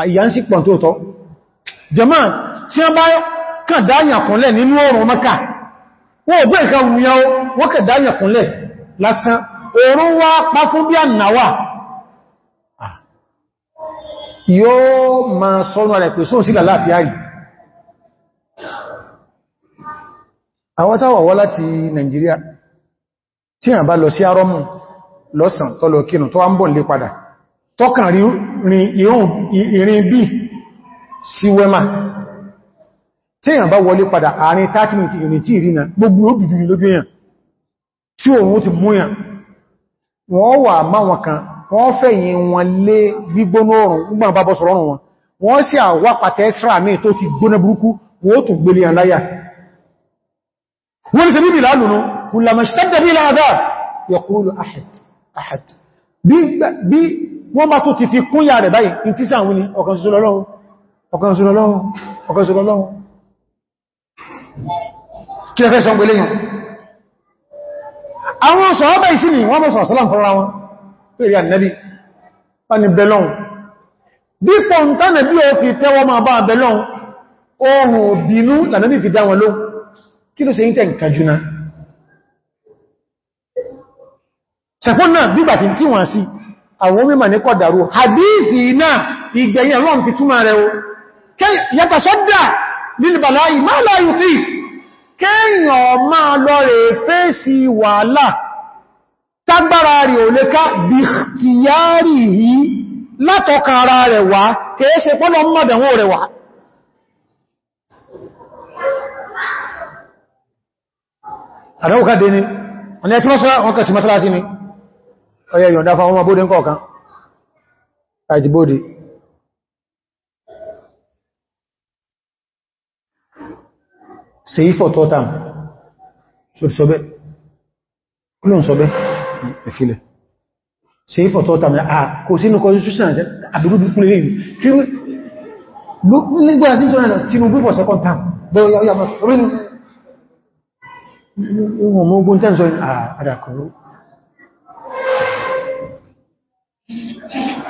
àìyà ninu maka òòrùn wá pa fún bí ànàwà ah. yóò ma sọ́nà rẹ̀ pé sóò sílà láàfíàrí àwọn táwà wá láti Nàìjíríà tí a bá lọ sí arọ́mù lọ́sàn tọ́lọ kínú tó wá ń bọ̀ lé padà tọ́kàn ìrìn bí sí wẹ́mà tí èyàn bá wọlé padà àárín 30 minutes ìrìn tí ìrìnà gbogbo ó lójú èyàn tí òun ti mú èyàn wọ́n wà má wọn kan wọ́n fẹ̀yìn wọn lé gbígbóná ọ̀rùn gbọ́n bá bọ́sọ̀rọ̀ ọ̀rùn wọn wọ́n sì àwọ́ pàtẹ́ ẹ́sìrà míì tó ti gbóná burúkú wọ́n tó gbélé àláyà wọ́n se bíbì lálùnú kùlàmọ̀ṣẹ́dẹ̀ bí láàdá yọkúrò ahad ahad bí wọ́n bá tó ti fi kún yà rẹ̀ báyìí in tí sàwọn ni ọ̀kan ṣoṣo lọ́lọ́run ọ̀kan ṣoṣo lọ́lọ́run ọ̀kan ṣoṣo lọ́lọ́run kí ẹ fẹ́ sọ gbélé yàn àwọn sọ̀ọ́bẹ̀ ìsí ni wọ́n mọ́sọ̀ sọ́lá fọ́ra wọn pèrè ànẹ́bí pani belon dípò ń tánà bí o fi tẹ́wọ́ máa bá belon oòrùn òbínú lànàbí fi dá wọn ló kí ló ṣe yí tẹ́ nkàjúná sẹ̀fún náà bígbà tí tí wọ́n sí àwọn mímọ̀ ní kọ̀dàrú hadithi náà ìgbẹ̀yìn ọlọ́run fi túmọ̀ rẹ̀ o yàtàṣọ́dà lílbàláyì máa láyù kéèyàn máa lọ rẹ̀ fèsì wàhálà tágbára rẹ̀ ò lè ká bìtìyàrí yìí látọ̀ka rẹ̀ wá kèése pọ́lọ mọ́dẹ̀wọ́ rẹ̀ wá àdáwòkádé ni ọ̀nà ni se ifọ̀ tọ́ta ṣòṣọ́bẹ́ kí ló ń sọ́bẹ́ ẹ̀fílẹ̀ se ifọ̀ tọ́ta mẹ́ à kò sínú constitution àbúrú bí kúnlẹ̀ rí nígbà sí tó rẹ̀ Tinubu for second term bẹ́ẹ̀ ọya mọ́gbọ́n tẹ́ǹsọ́ àdàkọ̀rọ̀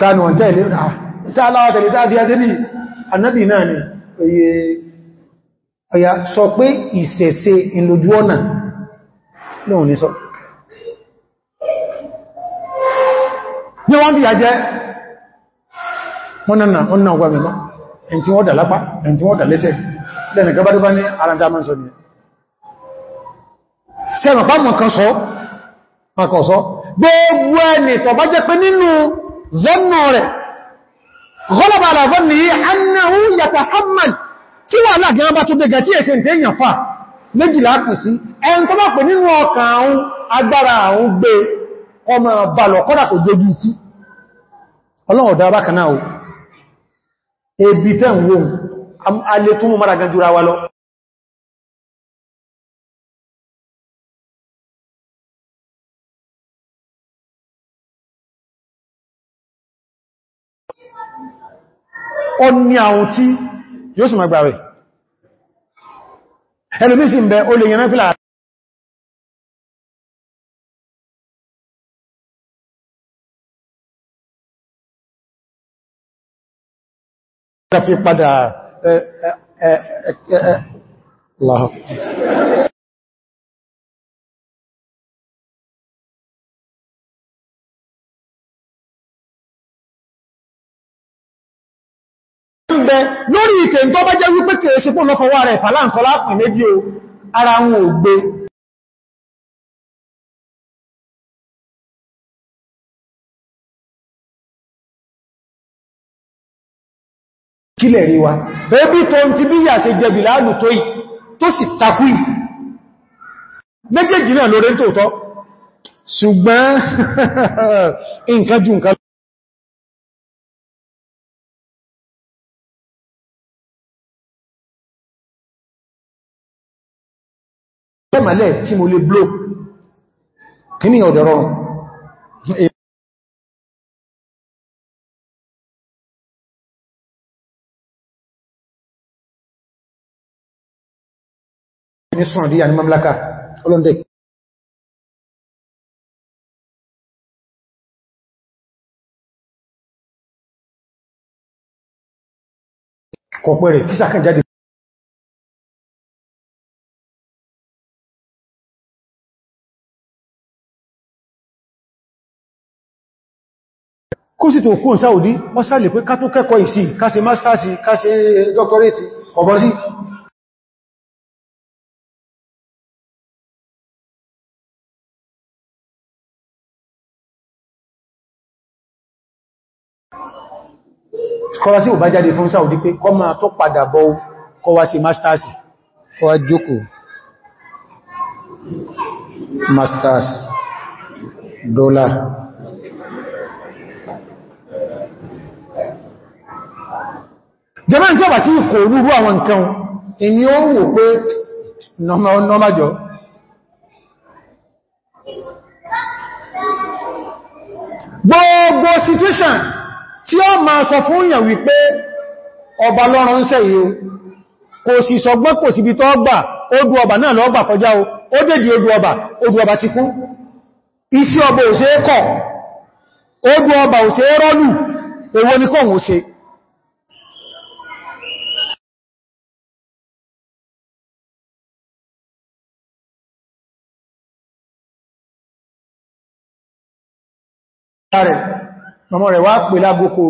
tánù ọ̀tẹ́ ilé ọ̀yà sọ pé ìṣẹ̀ṣe ìlójú ọ̀nà náà ní sọ ní wọ́n bí i ajẹ́ wọ́n náà wọ́n náà gbà mẹ́mọ́ ẹni tí wọ́n dà lápá ẹni tí wọ́n dà lẹ́sẹ̀ lẹ́nì gabadúbá ní arantaman sọ ní tí wà láàgí wọ́n bá tó dẹ̀gẹ̀ tí èsẹ̀ ìtẹ́ èyàn fà méjìlá kùn sí ẹn tó bá pè nínú ọkàn àwọn agbára àwọn gbé ọmọ balọ̀ kọ́dà kò jójú sí ọlọ́ọ̀dá ebi yóò sì máa gbààwẹ̀ ẹlùmí sì ń bẹ ó lè yẹn náfílà fi padà Allah bẹ lórí ìtẹ̀ tó bá jẹ́ wípé kèrè sí pọ́nà fọwọ́ rẹ̀ fàláǹsọ́lá pìn méjì o ara wọn ò gbé kílẹ̀ rí wa bẹ́bí tó ń ti bí yà ṣe jẹ Bìlálù tó yìí tó sì takú yìí méjèèjì náà lórí tóòtọ́ ṣùgbọ́n nǹkan jù nǹkan tẹ́màlẹ̀ tí mo lè bló kí ní ọ̀dọ̀rọ̀ ní sọ́nàdíyà ní mamlaka ọlọ́ndẹ̀ kọ̀pẹ̀rẹ̀ kí sàkàn jáde kó sì tó kún sáòdí wọ́n sáàlè pé ká tó kẹ́kọ̀ọ́ ìsì ká ṣe mástásì ká ṣe dọ́kọ̀rẹ́tì ọ̀bọ̀ sí kọ́wàá sí ò bá jáde fún sáòdí pé kọ́ máa tó padà bọ́ kọ́wàá ṣe mástásì kọ́wàá jókòó masters dollar jẹmọ́ tí ó bá tí kò rúrú àwọn nǹkan èyí ó wò pé nọ́májọ́ gbogbo situation tí ó máa sọ fún ìyàn wípé ọba lọ́rọ̀ ń sẹ́ yìí kò sì sọgbọ́n kò síbi tó gbà odù ọba náà lọ gbà kọjá o ó dèdè odù ọba odù ọba ti kú isi ọba ò ṣe é kọ̀ odù ọba ò ṣe rọ́lù èwo ni kọ́ ò ṣe rẹ̀ mọ̀mọ́ rẹ̀ wá pè lágbókò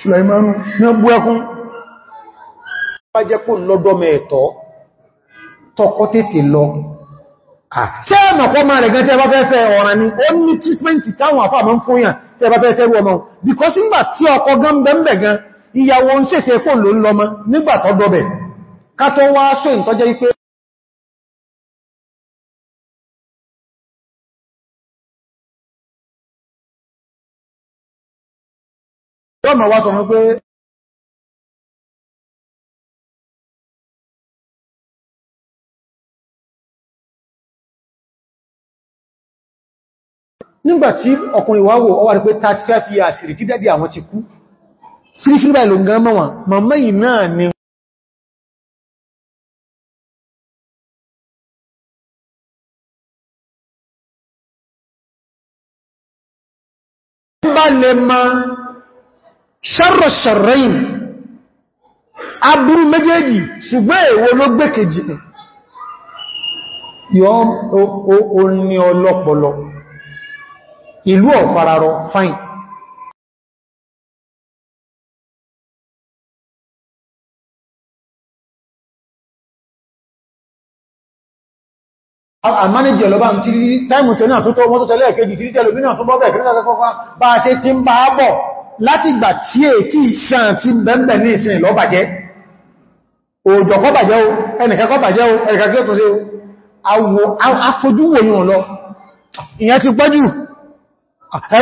Sùlẹ̀mánù ní ọgbọ́ ẹkún bá jẹ́ kó lọ́dọ́mẹ́ ẹ̀tọ́ tọ́kọ́ tètè lọ ṣe ẹ̀mọ̀kọ́ máa rẹ̀ gan tẹ́ bá fẹ́fẹ́ ọ̀ràn ni ó ní treatment táwọn àfà mọ́ fún yàn tẹ́ bá fẹ́fẹ́ rú ọmọ because nígbà tí ọkọ gan bẹ̀m̀bẹ̀ gan ìyàwó ń ṣèṣe kò ló ń lọmọ nígbà tọ́dọ́bẹ̀ ká tó wá sóyìn tọ́jẹ́ wípé yọ́ ma wá sọ wọn pé nígbàtí ọkùnrin wáwò ọwà rí pé 35 years rí tí dẹ́dẹ̀ àwọn ti kú síríṣírí báyìí ló ń gán mọ́wàá màmá yìí náà ni bá lè máa ṣarọ̀ ṣarọ̀yìn aburú méjèèjì ṣùgbọ́n èwo ló gbé kejì ẹ̀ yọ o ní ọlọ́pọlọ ìlú ọ̀fararọ fine àmánìjì ọ̀lọ́bá tí táìmù tẹ́ náà tó tọ́ wọ́n tó tẹ́lẹ̀ kejì tí tẹ́lẹ̀ òbínà tó bọ́bẹ̀ kìrìkà kọ́kọ́ bá tẹ́ tí ń bá bọ̀ láti gbà tí è tí ìsàn ti bẹ̀m̀bẹ̀ ní ìsìn ìlọ́ bàjẹ́ òjò kọ́ bàjẹ́ o ẹnìkan kọ́ bàjẹ́ o ẹnìkan kí ó tó sí o afojúwò yìí lọ ìyẹn ti pọ́jú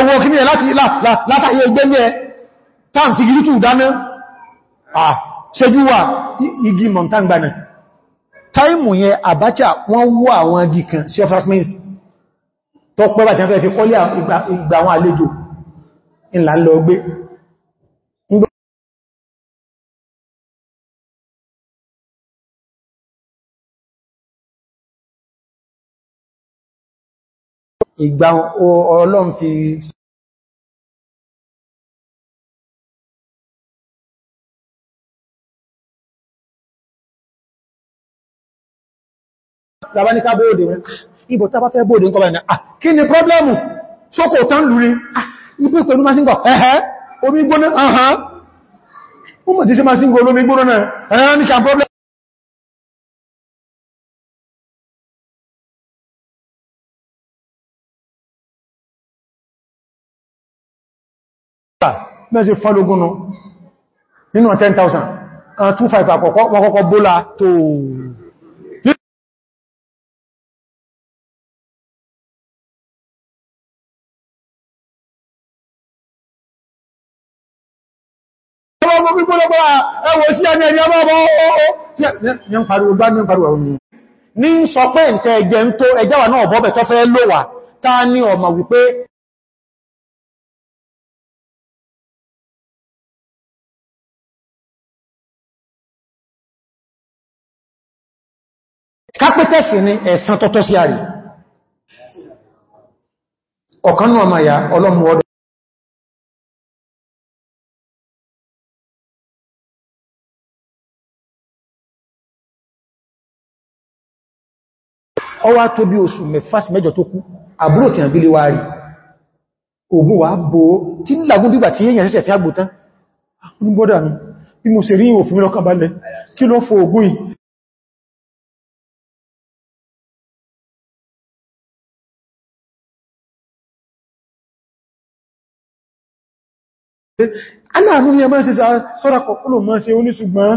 ẹwọ kí ní ẹ láti látàyẹ gbẹ́gbẹ́ tán fi gírí tù dáná ṣejú wà Abacha wọ́n wọ́ àwọn igi kan sí ọ́fà smith tó pẹ́ bàjẹ́ fẹ́ fi kọ́lé ìgbà àwọn àlejò ìlà lọ gbé ìgbà ọlọ́run fi Bàbá ní ká bóòdè rẹ̀, ah, ibò tàbá fẹ́ bóòdè ń kọ́ bá ní, ah, kí ni pọ́blẹ́mù? Ṣókò tán lúrí, ah, ipé pẹ̀lú masíngọ̀ ẹ̀hẹ́ omi gbóná ahán ó mọ̀ tí ṣe masíngọ̀ olómi gbóná náà ẹ̀hẹ́ ní kàn problem mẹ́sí fọ́lógúnnú nínú 10,000 2,500 àkọ́kọ́ wọ́n kọ́kọ́ bóla tóòrò gbogbo gbígbólógbó ẹwọ sí ẹni ẹni ọmọ ọmọ ọmọ ọmọ kápẹ́tẹ̀sì ni ẹ̀sán tọ́tọ́ sí àrí ọ̀kanú ọmọ ìyá ọlọ́mù ọdọ́ ọwá tó bí oṣù mẹ́fà sí mẹ́jọ tó kú àbúrò tí àbílé wá rí ogun wà bó tí ń lagún bígbà tí èyàn sẹ́sẹ̀ fi agbótán ah, ní bọ́dà mi bí mo ṣe rí òfin lọ́kàn balẹ̀ kí ló fò ogun yìí aláàrùn ni a máa ṣe sọ́rakọ̀ kúrò máa ṣe oníṣùgbọ́n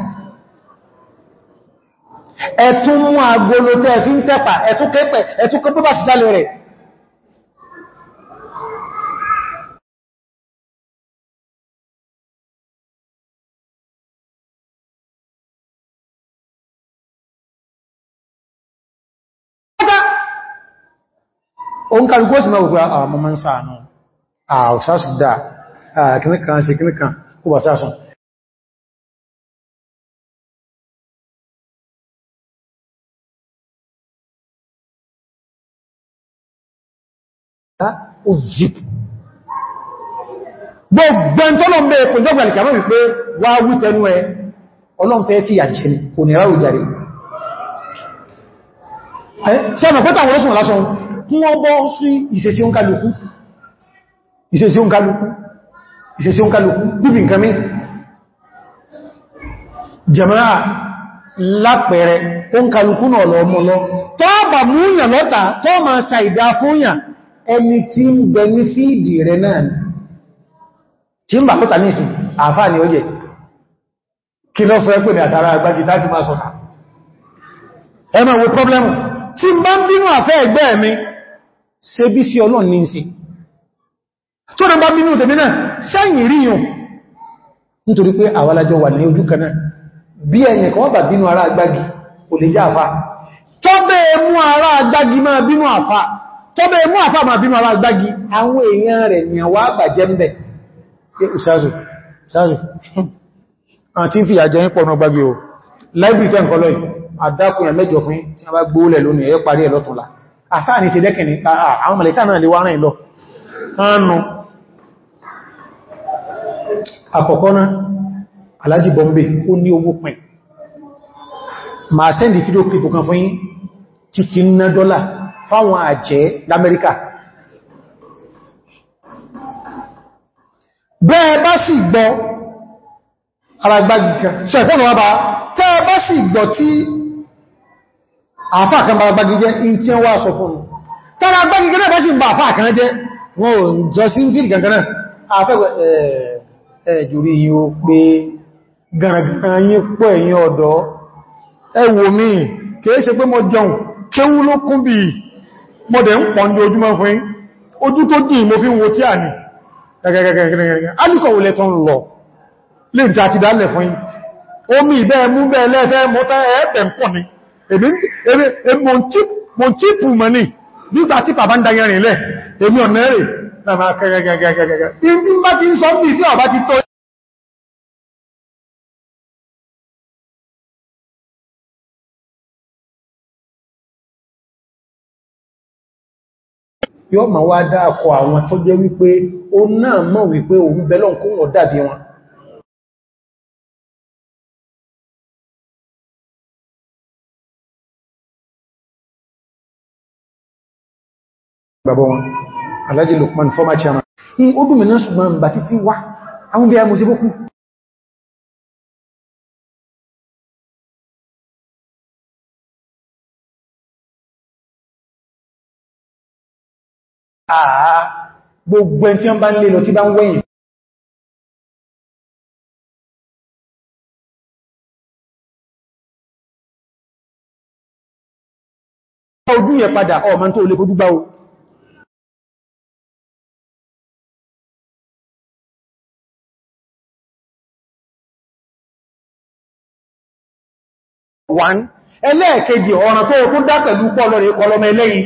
ẹ̀tún mú agolo tẹ́ fi ń tẹ́pà ẹ̀tún kẹ́pẹ̀ ẹ̀tún kẹ́pẹ̀ bá sísàlẹ̀ rẹ̀ òun kàrùkú òsì máa gbogbo àwọn ọmọ mọ́ ń sáà náà àwọn ah, sáàsùdá ah, kìnnìkan sí kìnnìkan kó bà sáàsùn òzìkì gbogbo tọ́lọ ń bẹ ẹ̀kọ́ ìjọba ìkàmọ́ wípé wá wí tẹnu ẹ ọlọ́n fẹ́ sí àjẹni kò ní ráwù jàre sẹ́mà pẹ́ta àwọn olóṣùn lásán kí wọ́n bọ́ sí ìṣẹ́sí oúnkálukú ìṣẹ́sí oúnkálukú ìṣẹ́sí oúnkálukú níbi nǹkan mí jẹ̀mọ́ra lápẹẹrẹ oúnkálukú náà lọ ọmọ lọ tọ́ múyàn lọ́ta tọ́ ma fúnyàn ẹni tí ń bẹ ní fíìdì rẹ̀ náà ni tí ń bà tó tàní ìsìn àfáà ni ó jẹ́ kí lọ fẹ́ pè ní àtàrà agbájí tàbí máa sọ̀tà ẹmọ wo pọ́blẹ́mù tí ń bá ń bínú àfẹ́ ẹgbẹ́ mi ṣe bí sí ọlọ́n ní ìsìn tó nà bá bínú tèmi náà sẹ́yìn ríyàn nítorí pé àwàlájọ wà ní ojú kanáà bí ẹ̀yẹ̀ kan bà bínú mú ara agbájí máa bínú àfá tọ́bẹ̀ mú àfáàmà bínú ara gbági àwọn èèyàn rẹ̀ ni àwọ́ àgbàjẹ́ ń bẹ̀. ìsáàzù ìsáàzù àti fi àjẹ́ ń pọ̀ náà gbági o library ten kọlọ́ì àdákùnrin mẹ́jọ fún tí a bá gbóòlẹ̀ lónìí ẹ parí ẹ̀ lọ́tọ̀lá àsáàni ṣe dẹ́kẹ̀ni àwọn mẹ́lẹ̀ká náà lè wá rìn lọ ánù àkọ́kọ́ fáwọn àjẹ́ l'Amẹ́ríkà bẹ́ẹ̀ bá sì gbọ́ aragbágigan ṣe ìfọ́nà wá bá tẹ́ẹ̀ bá sì gbọ́ tí àfáà kan bára gbágigẹ́ in tí wá sọ fún tẹ́ẹ̀ agbágigẹ́ náà bá sì ń bá àfáà kan jẹ́ wọ́n ò jọ sí fíìlì gangan ṣe pé mọ́ jọun kéwú ló kún bíi mọ́dẹ̀ ń pọ̀ ní ojúmọ́ fún ojú tó dì mo fi ń wo tí à ní alìkọ̀wò lẹ́tọ́ ń lọ lè jà ti dálẹ̀ fún yín omi ìbẹ́ mú bẹ́ lẹ́fẹ́ mọ́tá ẹ̀ẹ́tẹ̀ pọ̀ ní mo ń típù mọ́ ní nígbà tí bàbá ń dayanrin lẹ́ èmi ọ̀nà rẹ̀ láàmà kẹrẹgẹgẹgẹgẹ yóò ma wá dáàkọ àwọn tó jẹ́ wípé ó náà mọ̀ wípé òun bẹ́lọ́n kó wọ́n dàbí wọn bàbá wọn Alhaji Lukman former chairman ní ó dùn mìíràn ṣùgbọ́n bà títí wá àwọn bí i àà ah, gbogbo ẹn tí wọ́n bá ń lè lọ tí bá ń wẹ́yìn ojú yẹ padà ọmọ tó lè fojú bá o one ẹlẹ́ẹ̀kejì ọ̀ràn tó kún dá pẹ̀lú pọ́lọ̀ rẹ̀ kọlọmọ ẹlẹ́yìn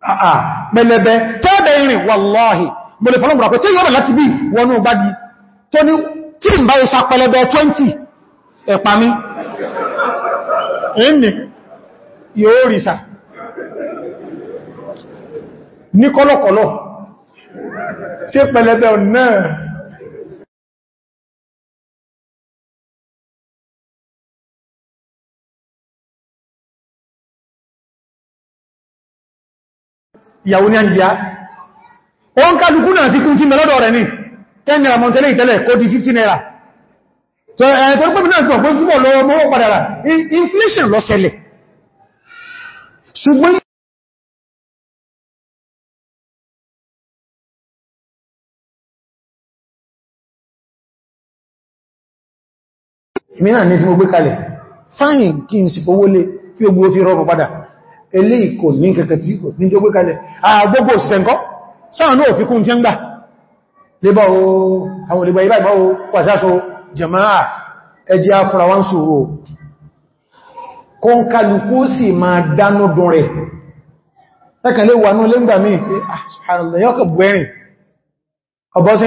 àà ah, ah, mẹ́lẹ́bẹ́ tẹ́ẹ̀bẹ̀ ìrìn wàláhì mo lè fọ́lọ́mù ràpẹ́ tí yọ́rọ̀ láti bí wọnú gbági tó ní tí ń bá ó sá pẹlẹbẹ 20 ẹ̀pà mi ẹni yóò rí sà ní kọ́lọ̀kọ́lọ̀ sí pẹlẹbẹ náà ìyàwó ní àjíyá ó ń kálukú náà sí kún tí mẹ́lọ́dọ̀ rẹ̀ ní 10 naira mọ̀tẹ́lẹ̀ ìtẹ́lẹ̀ kó di 15 naira tó ẹ̀ẹ́tọ́ pẹ́bí náà gbọ́n túnbọ̀ lọ́wọ́ mọ́ padàrà inflation ló ṣẹlẹ̀ ṣùgbọ́n ìmìnà mo gbé fáyìn kí n sì fowó lé kí o fi rọrùn padà ilé ìkò ní kẹ̀kẹ̀ tí kò ní jọ gbé kalẹ̀ àgbogbo òsìsẹ̀nkọ́ sáà náà fi kún tí ń gbà lébà o àwọn olùgbà ibà ìbá o pàṣásọ jẹ̀máà ẹjẹ́ afúra wá ń sòrò kó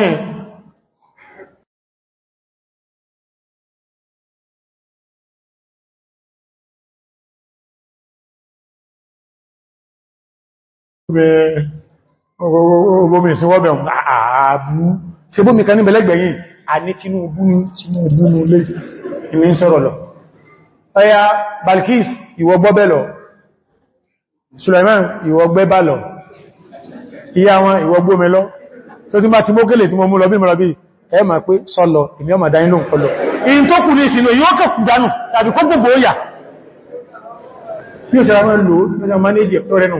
ń omi ìsinwọ́bẹ̀ ààbú ṣe ah, ah, ah, bómi kan a ní Tinubu ní Tinubu ní ilé ìmì ń sọ̀rọ̀ lọ ọya Balkis ìwọ gbọ́bẹ̀ lọ Suleiman ìwọ gbẹ́bà lọ ìyá wọn ìwọ gbómi lọ tó tí má ti mó kélè tí mo mú lọ bí mọ́ra bí ẹ ma pé sọ́lọ ìmì ọmọ dánilò ń kọlọ in tó kù ní ìsinú yóò kẹ̀kù dánù tàbí kó gbogbo ó yà bí ó ṣe ra mọ́ lò ó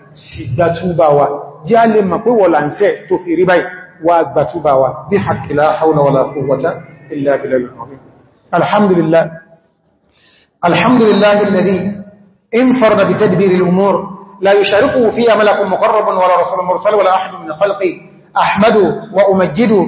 sì gbàtúbà wa jẹ́ a lè mọ̀ pé wọ́n làǹṣẹ́ tó fi rí báyìí wà gbàtúbà wa bí haqqila hawla wala quwwata illa billahi al-azim alhamdulillah alhamdulillah alladhi انفرد بتدبير الأمور لا يشاركه فيها ملك مقرب ولا رسول مرسل ولا أحد من خلقه أحمده وأمجده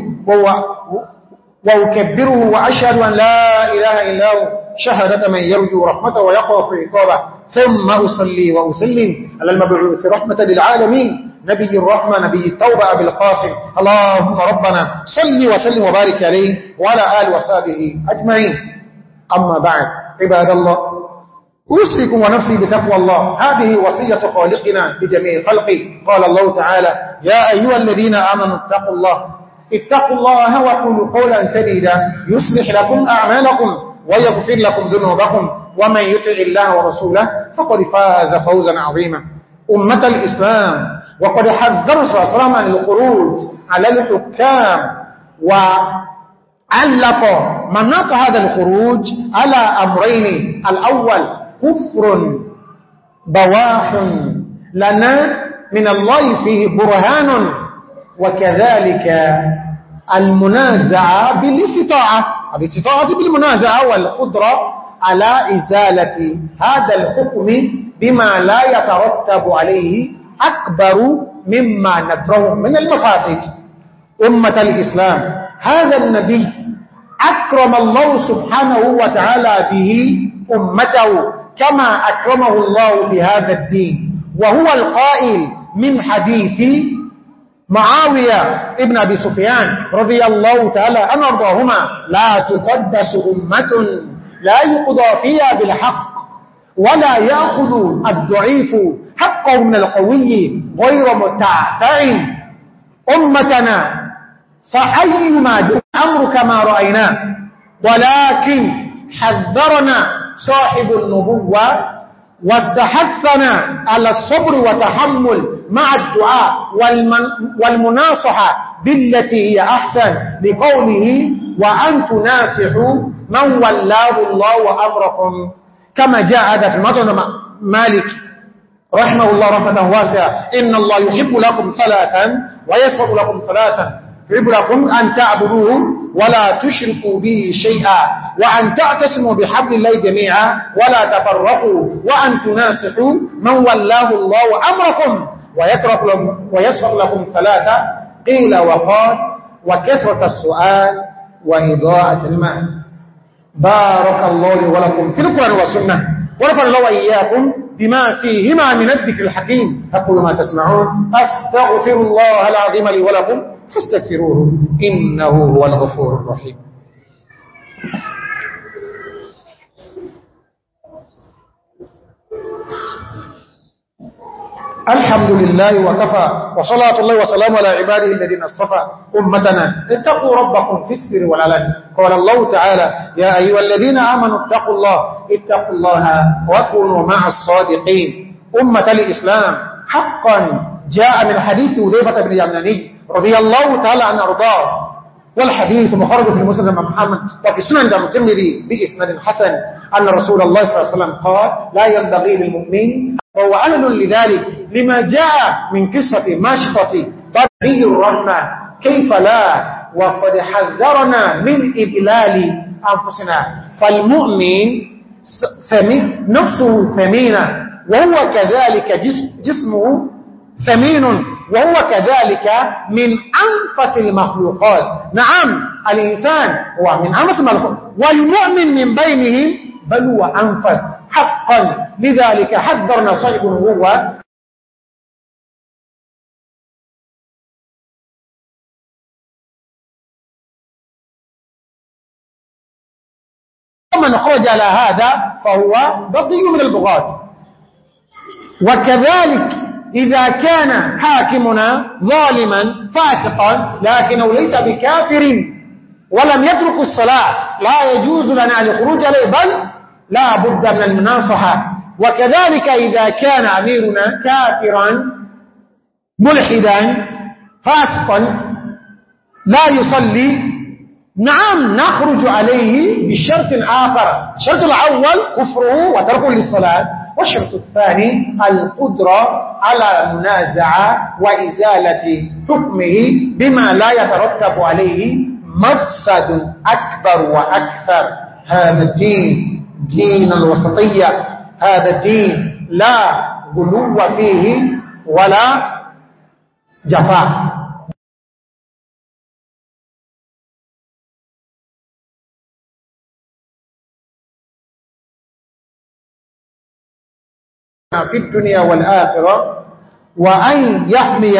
وأكبره وأشهد أن لا إله إلا هو شهادة من يرجو رحمته ويخاف عقابه ثم أصلي وأسلم على المبعوث رحمة للعالمين نبي الرحمة نبي التوبة أبي القاسم اللهم ربنا صل وسلم وبارك عليه وعلى آل وصحبه أجمعين أما بعد عباد الله أوصيكم ونفسي بتقوى الله هذه وصية خالقنا لجميع خلقه قال الله تعالى يا أيها الذين آمنوا اتقوا الله اتقوا الله وقولوا قولا سديدا يصلح لكم أعمالكم ويغفر لكم ذنوبكم ومن يطع الله ورسوله فقد فاز فوزا عظيما أمة الإسلام وقد حذر صلى الله عليه وسلم الخروج على الحكام وعلق مناط هذا الخروج على أمرين الأول كفر بواح لنا من الله فيه برهان وكذلك المنازعة بالاستطاعة الاستطاعة بالمنازعة والقدرة على إزالة هذا الحكم بما لا يترتب عليه أكبر مما ندره من المفاسد أمة الإسلام هذا النبي أكرم الله سبحانه وتعالى به أمته كما أكرمه الله بهذا الدين وهو القائل من حديث معاوية ابن أبي سفيان رضي الله تعالى أن أرضاهما لا تقدس أمة لا يقضى فيها بالحق ولا يأخذ الضعيف حقه من القوي غير متعتع أمتنا فأيما أمر كما رأيناه ولكن حذرنا صاحب النبوة واستحثنا على الصبر وتحمل مع الدعاء والمناصحة بالتي هي أحسن لقوله وأن تناسحوا من ولاه الله وأمركم كما جاء هذا في المدن مالك رحمه الله رحمة واسعة إن الله يحب لكم ثلاثا ويسفق لكم ثلاثا عبركم أن تعبدوه ولا تشركوا به شيئا وأن تعتصموا بحبل الله جميعا ولا تفرقوا وأن تناسحوا من ولاه الله أمركم ويسرق لكم ثلاثة قيل وقال وكثرة السؤال وإضاءة المال بارك الله لي ولكم في القرآن والسنة ورفع الله إياكم بما فيهما من الذكر الحكيم أقول ما تسمعون أستغفر الله العظيم لي ولكم فاستغفروه إنه هو الغفور الرحيم الحمد لله وكفى وصلاة الله وسلام على عباده الذين اصطفى أمتنا اتقوا ربكم في السر والعلن قال الله تعالى يا أيها الذين آمنوا اتقوا الله اتقوا الله وكونوا مع الصادقين أمة الإسلام حقا جاء من حديث وذيفة بن يمناني رضي الله تعالى عن أرضاه والحديث مخرج في المسلم محمد وفي سنن المتمري بإسناد حسن أن رسول الله صلى الله عليه وسلم قال لا ينبغي للمؤمن فهو علل لذلك لما جاء من قصة مشفة طبي الرحمة كيف لا وقد حذرنا من إبلال أنفسنا فالمؤمن نفسه ثمينة وهو كذلك جسمه ثمين وهو كذلك من أنفس المخلوقات نعم الإنسان هو من أنفس المخلوقات والمؤمن من بينهم بل هو أنفس حقا لذلك حذرنا صيب هو ومن خرج على هذا فهو بضي من البغاة وكذلك إذا كان حاكمنا ظالما فاسقا لكنه ليس بكافر ولم يترك الصلاة لا يجوز لنا لخروج عليه بل لا بد من المناصحة وكذلك إذا كان أميرنا كافرا ملحدا فاسقا لا يصلي نعم نخرج عليه بشرط آخر الشرط الأول كفره وتركه للصلاة والشرط الثاني القدرة على منازعة وإزالة حكمه بما لا يترتب عليه مفسد أكبر وأكثر هذا الدين دين الوسطية هذا الدين لا غلو فيه ولا جفاء في الدنيا والآخرة وأن يحمي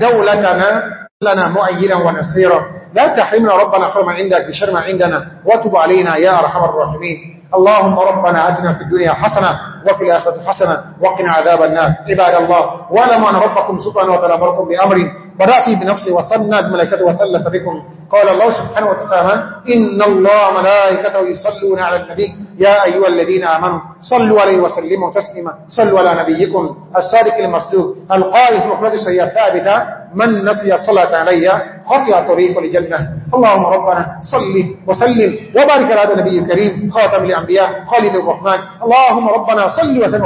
دولتنا لنا مؤيدا ونصيرا لا تحرمنا ربنا خير ما عندك بشر ما عندنا وتب علينا يا أرحم الراحمين اللهم ربنا أتنا في الدنيا حسنة وفي الآخرة حسنة وقنا عذاب النار عباد الله ولم أن ربكم سبحانه وتعالى أمركم بأمر برأتي بنفسي وثنى بملكته وثلث بكم قال الله سبحانه وتعالى إن الله ملائكته يصلون على النبي يا أيها الذين آمنوا صلوا عليه وسلموا تسليما صلوا على نبيكم الصادق المصدوق القائف مخلص سيئة ثابتة من نسي صلاة علي خطي طريق لجنة اللهم ربنا صلي وسلم وبارك على هذا النبي الكريم خاتم الأنبياء خالد الرحمن اللهم ربنا صلي وسلم